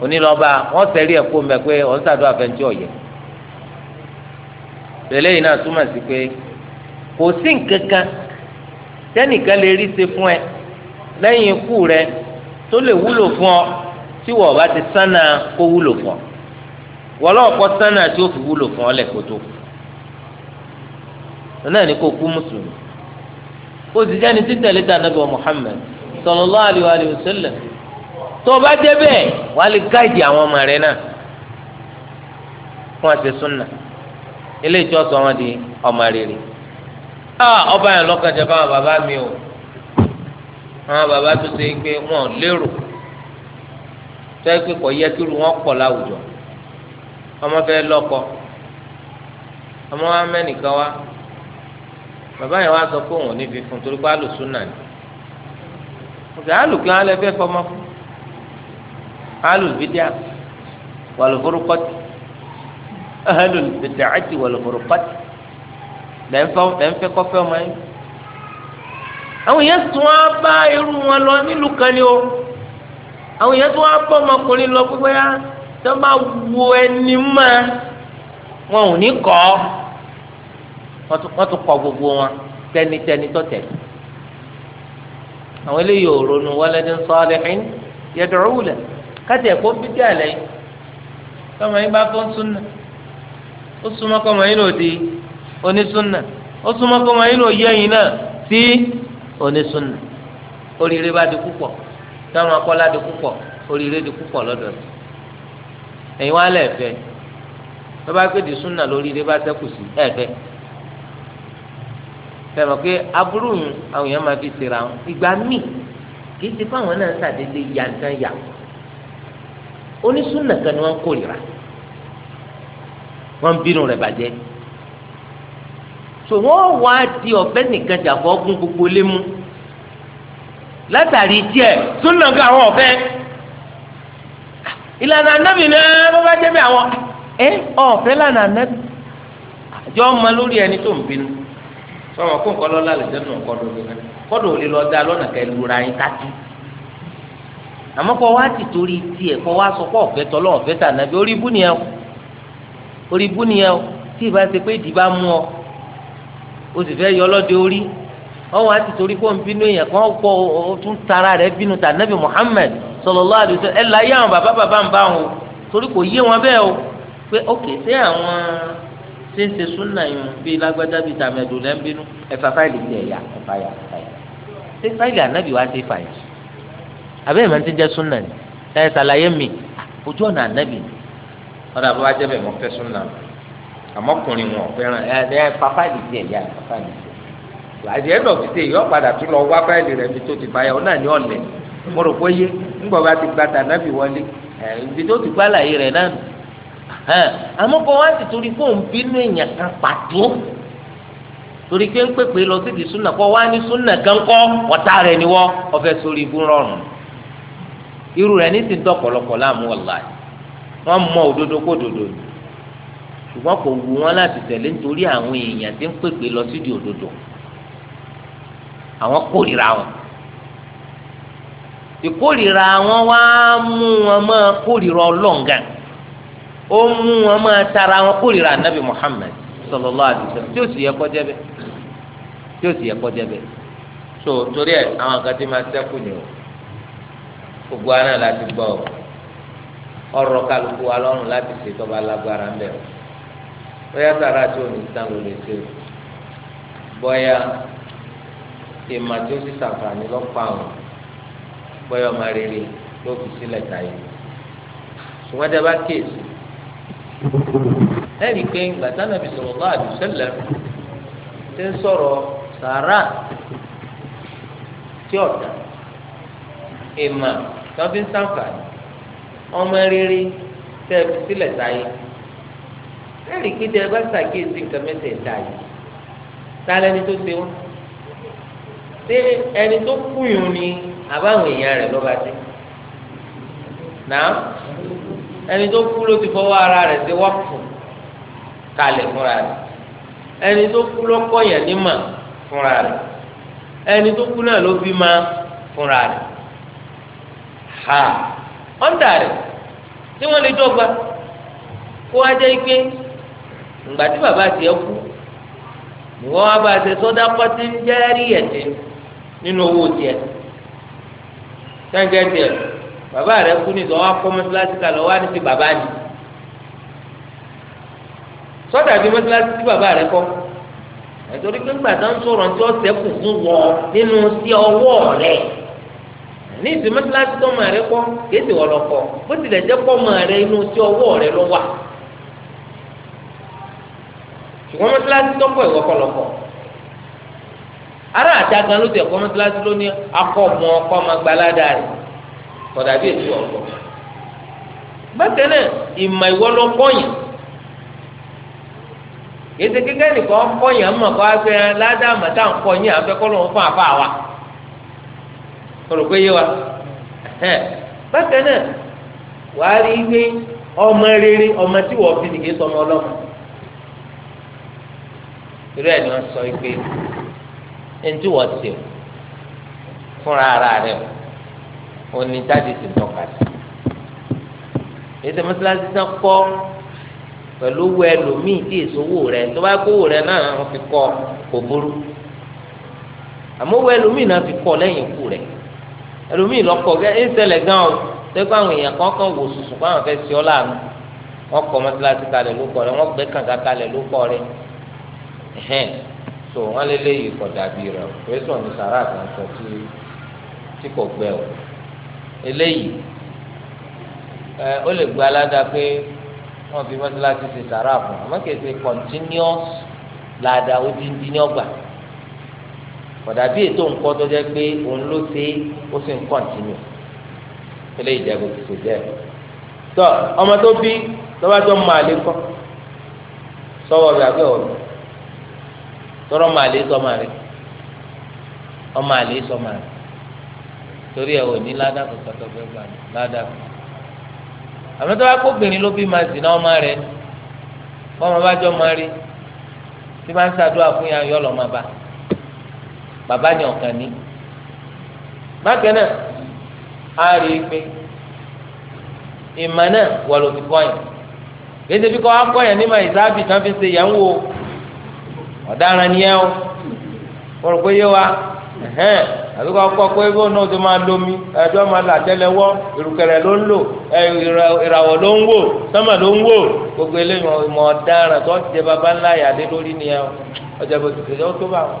onílọ́ba wọ́n sẹ́rí ẹ̀kọ́ mẹ́ pé ọ̀n sàdó àfẹnjọ́ yẹ. tẹ́lẹ̀ yìí náà túmọ̀ sí pé kò sí tẹ́nìkan lè rí ṣe fún ẹ lẹ́yìn ikú rẹ tó lè wúlò fún ọ tí wọ́n bá ti sánà kó wúlò fún ọ wọ́n lọ́wọ́ kọ́ sánà tí fi wúlò fún ọ lẹ́kọ̀ọ́ tó kù ni kò kú mùsùlùmí kó o sì jẹ́ni títẹ̀lé sallallahu tó o bá débẹ̀ wàá lè gáìdì àwọn ọmọ rẹ náà fún àti súnà ilé ìjọsọ wọn di ọmọ rere ọba yẹn lọ́kàn jẹ fáwọn bàbá mi o àwọn bàbá tó ṣe pé wọn ò lérò tó yẹ pé kò yẹ kí irú wọn pọ̀ láwùjọ ọmọ fẹ́ lọ́kọ ọmọ wa mẹ́nìkan wá bàbá yẹn wá sọ pé òun ò ní fi fún torí pé àlùsùn náà ni ọ̀gá àlùkí wọn lẹ fẹ́ fọmọ fún alul bidia wal furuqat ahlul bid'ati wal furuqat lẹ́nfẹ́ kọ́fẹ́ ọmọ yẹn àwọn yẹn tún á bá irú wọn lọ nílùú kan ni o àwọn yẹn tún á bá ọmọkùnrin lọ pípẹ́ yá tó bá wo ẹni mọ́ wọn ò ní kọ́ wọ́n tún kọ́ gbogbo wọn tẹnitẹni tó àwọn eléyìí ò ronú waladin salihin yad'u lahu káti ẹ̀kọ́ bíbí àlẹ́ yìí tọmọ yín bá fọ́n súnà ó súnmọ́ kọmọ yín lòdì onísúnà ó súnmọ́ kọmọ yín lòyẹ yín náà sí onísúnà oríire bá di púpọ̀ táwọn akọ́lá di púpọ̀ oríire di púpọ̀ lọ́dọ̀ rẹ̀ ẹ̀yin wá lẹ́ẹ̀fẹ́ bàbá gbèdì súnà lóríire bá sẹ́kù sí ẹ̀fẹ́ fẹ́ràn pé aburú àwọn èèyàn máa fi ṣèrà wọn ìgbà míì kì í ti fáwọn náà ṣàdédé yàtàn onísùnà kan ni wọ́n kórìíra wọ́n bínú rẹ̀ bàjẹ́ so wọ́n wá di ọ̀bẹ nìkan jàfọ́ gún gbogbo lé mú látàrí tiẹ̀ súnà kan àwọn ọ̀fẹ́ ìlànà anábì náà bó bá jẹ́ bí àwọn ẹ ọ̀fẹ́ lànà anábì àjọ ọmọ lórí ẹni tó ń bínú sọ̀rọ̀ kó nǹkan lọ́la lè jẹ́ nù nǹkan lórí rẹ̀ kọ́dọ̀ ò lè lọ da lọ́nà yín ká àmọ́ kọ́ wá ti torí tiẹ̀ kọ́ wá sọ pé ọ̀fẹ́ tọ́lọ́ ọ̀fẹ́ tà nàbí orí ibú nìyẹn o orí ibú nìyẹn o tí ìbá ṣe pé ìdìbà mú ọ o sì fẹ́ yọ ọlọ́dẹ orí ọwọ́ á ti torí kó ń bínú èèyàn kan pọ̀ o tún tara rẹ̀ bínú tà nàbí Muhammad sallallahu alaihi wasallam ẹ̀ láyé àwọn bàbá bàbá ń bá wọn o torí kò yé wọn bẹ́ẹ̀ o pé ok sí àwọn ṣe ń ṣe súnà yìí bíi lágbájá bíi tàmẹ̀dù lẹ́ ń bínú ẹ̀fà fáìlì ti ẹ̀yà ẹ̀fà yà ẹ̀fà yà ṣé fáìlì ànábì wá ṣe fàyà Abe máa ń ti jẹ́ ni ẹ ṣàlàyé mi ojú ọ̀nà ànábì ọ̀nà àbúrò ajẹ́bẹ̀ mọ́ fẹ́ súnà àmọ́kùnrin wọn fẹ́ràn ẹ ẹ pàpà ìdí àti tún lọ wá fáìlì rẹ̀ tó ti báyà ọ̀nà ni ọ̀lẹ̀ mo rò pé yé ńgbọ̀ bá ti gba tànábì wọlé ẹ̀ tó ti gbá rẹ̀ náà torí kó ń bínú èèyàn kan pàtó torí pé ń pèpè lọ sí irú rẹ̀ nísìn tó ọ̀pọ̀lọpọ̀ láàmú ọ̀la wọ́n mọ òdodo kó dodo ni ṣùgbọ́n kò wù wọ́n láti tẹ̀lé nítorí àwọn èèyàn tí ń pèpè lọ sí òdodo àwọn kórìíra wọn ìkórìíra wọn wá mú wọn máa kórìíra ọlọ́ǹgà ó mú wọn tara wọn kórìíra anabi muhammed sallallahu alaihi wasallam tí ó sì yẹ kó tí ó sì yẹ so torí ẹ àwọn o. gbogbo aná láti gbọ́ ọ ọ̀rọ̀ kálukú wa lọ́rùn láti ṣe tọba lágbára ń bẹ ọ bóyá sàrà tí òní tán ló lè ṣe bóyá ìmọ̀ tí ó sì ṣàǹfààní lọ́pàá ọ̀hún bóyá ọmọ rere ló fi sílẹ̀ táyé ṣùgbọ́n tí a bá kíyèsí ẹ̀rí pé gbàtà nàbì sallallahu alaihi wasallam ti ń sọ̀rọ̀ sàrà tí ọ̀dà ìmọ̀ tó fi ń sàǹfààní ọmọ rere tẹ́ ẹ fi sílẹ̀ sáyé ẹ̀rí kíndé ẹ bá ṣàkíyèsí nǹkan mẹ́tẹ̀ẹ̀ta yìí ta lẹni tó ṣe wọn ṣé ẹni tó kúyùn ni àbáwọn èèyàn rẹ̀ lọ́ba dé náà ẹni tó kú ló ti fọwọ́ ara rẹ̀ ṣe wọ́pù kalẹ̀ fúnra rẹ̀ ẹni tó kú ló kọ̀yàn nímà fúnra rẹ̀ ẹni tó kú náà ló bí ma fúnra rẹ̀ ha ọ̀ndà tí wọ́n lè dọ́gba kó jẹ́ tí bàbá tiẹ̀ kú ìwọ́n wá bá a ṣe sọ́dá pọ́tí ń jẹ́ rí ẹ̀jẹ̀ nínú owó tiẹ̀ bàbá rẹ̀ kú ní kalẹ̀ wá ní ti bàbá ni sọ́dà bíi mọ́sálásí tí bàbá rẹ̀ kọ́ ẹ̀tọ́rí pé ńgbà tó ń sọ̀rọ̀ tí fún wọn nínú sí ọwọ́ rẹ̀. ní ìsìn mọ́tíláṣí tó máa rẹ kọ́ kéésì wọ́n lọ bó tilẹ̀ jẹ́ kọ́ máa rẹ inú tí ọwọ́ rẹ wà ṣùgbọ́n ara ló kọ̀dà bí bákan náà ìmọ̀ lọ kọ́yìn kíkẹ́ nìkan kọ́yìn àmọ́ kọ́ afẹ́ mo rò yé wa bákan náà wàá rí i ọmọ rere ọmọ tí wọ́n fi nìké sọmọ ọlọ́mọ irú ara òní jáde ti tọ́ka sí ètò mọ́sálásí kọ́ pẹ̀lú owó ẹlòmíì tí tó bá fi kọ́ kò ẹlòmíì lọkọ gẹ ẹ ṣẹlẹ̀ gan o tẹgbà àwọn èèyàn kan kàn wò sùsù kó àwọn fẹẹ sí ọ láàánú wọn kọ mọtíláṣí kalẹ̀ ló kọ rẹ wọn gbẹ́ kàǹkà kalẹ̀ ló kọ rẹ ẹhẹn so wọn lé lé ìkọ dàbí rẹ o pé sọ ní sàrà kan sọ tí tí kò gbẹ o eléyìí ẹ ó lè gba aládàá pé wọn fi mọtíláṣí ti sàrà fún àmọ́ kìí ṣe continuous làdà ó dín dín ní ọgbà kódà bí ètò nǹkan tó jẹ́ pé òun ló ṣe ó sì ń kọ́ntínú ilé ìjẹ́bù ti ṣe jẹ́ tọ ọmọ tó bí tọ́ba tó mọ àlè kọ́ sọ́wọ́ rẹ̀ àbẹ́ ọ̀rọ̀ tọ́rọ mọ àlè sọ́mọ rẹ̀ ọmọ àlè sọ́mọ rẹ̀ torí ẹ̀ ò ní ládàá kò sọ́tọ̀ fẹ́ gbà ní ládàá kò àmọ́ tọ́ba kóbìnrin ló bí máa zìnà ọmọ rẹ̀ ọmọ bá jọ mọ rí tí bá ń ṣàdúrà fún yàn yọ bàbá ni ọ̀kan ní. bákan náà a rí i pé ìmọ̀ náà wà ló fi kọ́yìn gbèsè bí kò wá kọ́yìn ní màá ìsáàbì tán fi ṣe yẹn ń ọ̀daràn ni ẹ o mo rò pé yé wa àbí kò kọ́ pé bó náà tó máa lomi ẹjọ́ máa là tẹ́lẹ̀wọ́ ìrùkẹ̀rẹ̀ ló ń lò ìràwọ̀ ló ń wò sọ́mà ló ń wò gbogbo eléyìí mọ̀ ọ̀daràn tó ti jẹ bàbá ńlá yàdé lórí ni ẹ o ọjà bó ti tẹ̀lé tó bá wọn.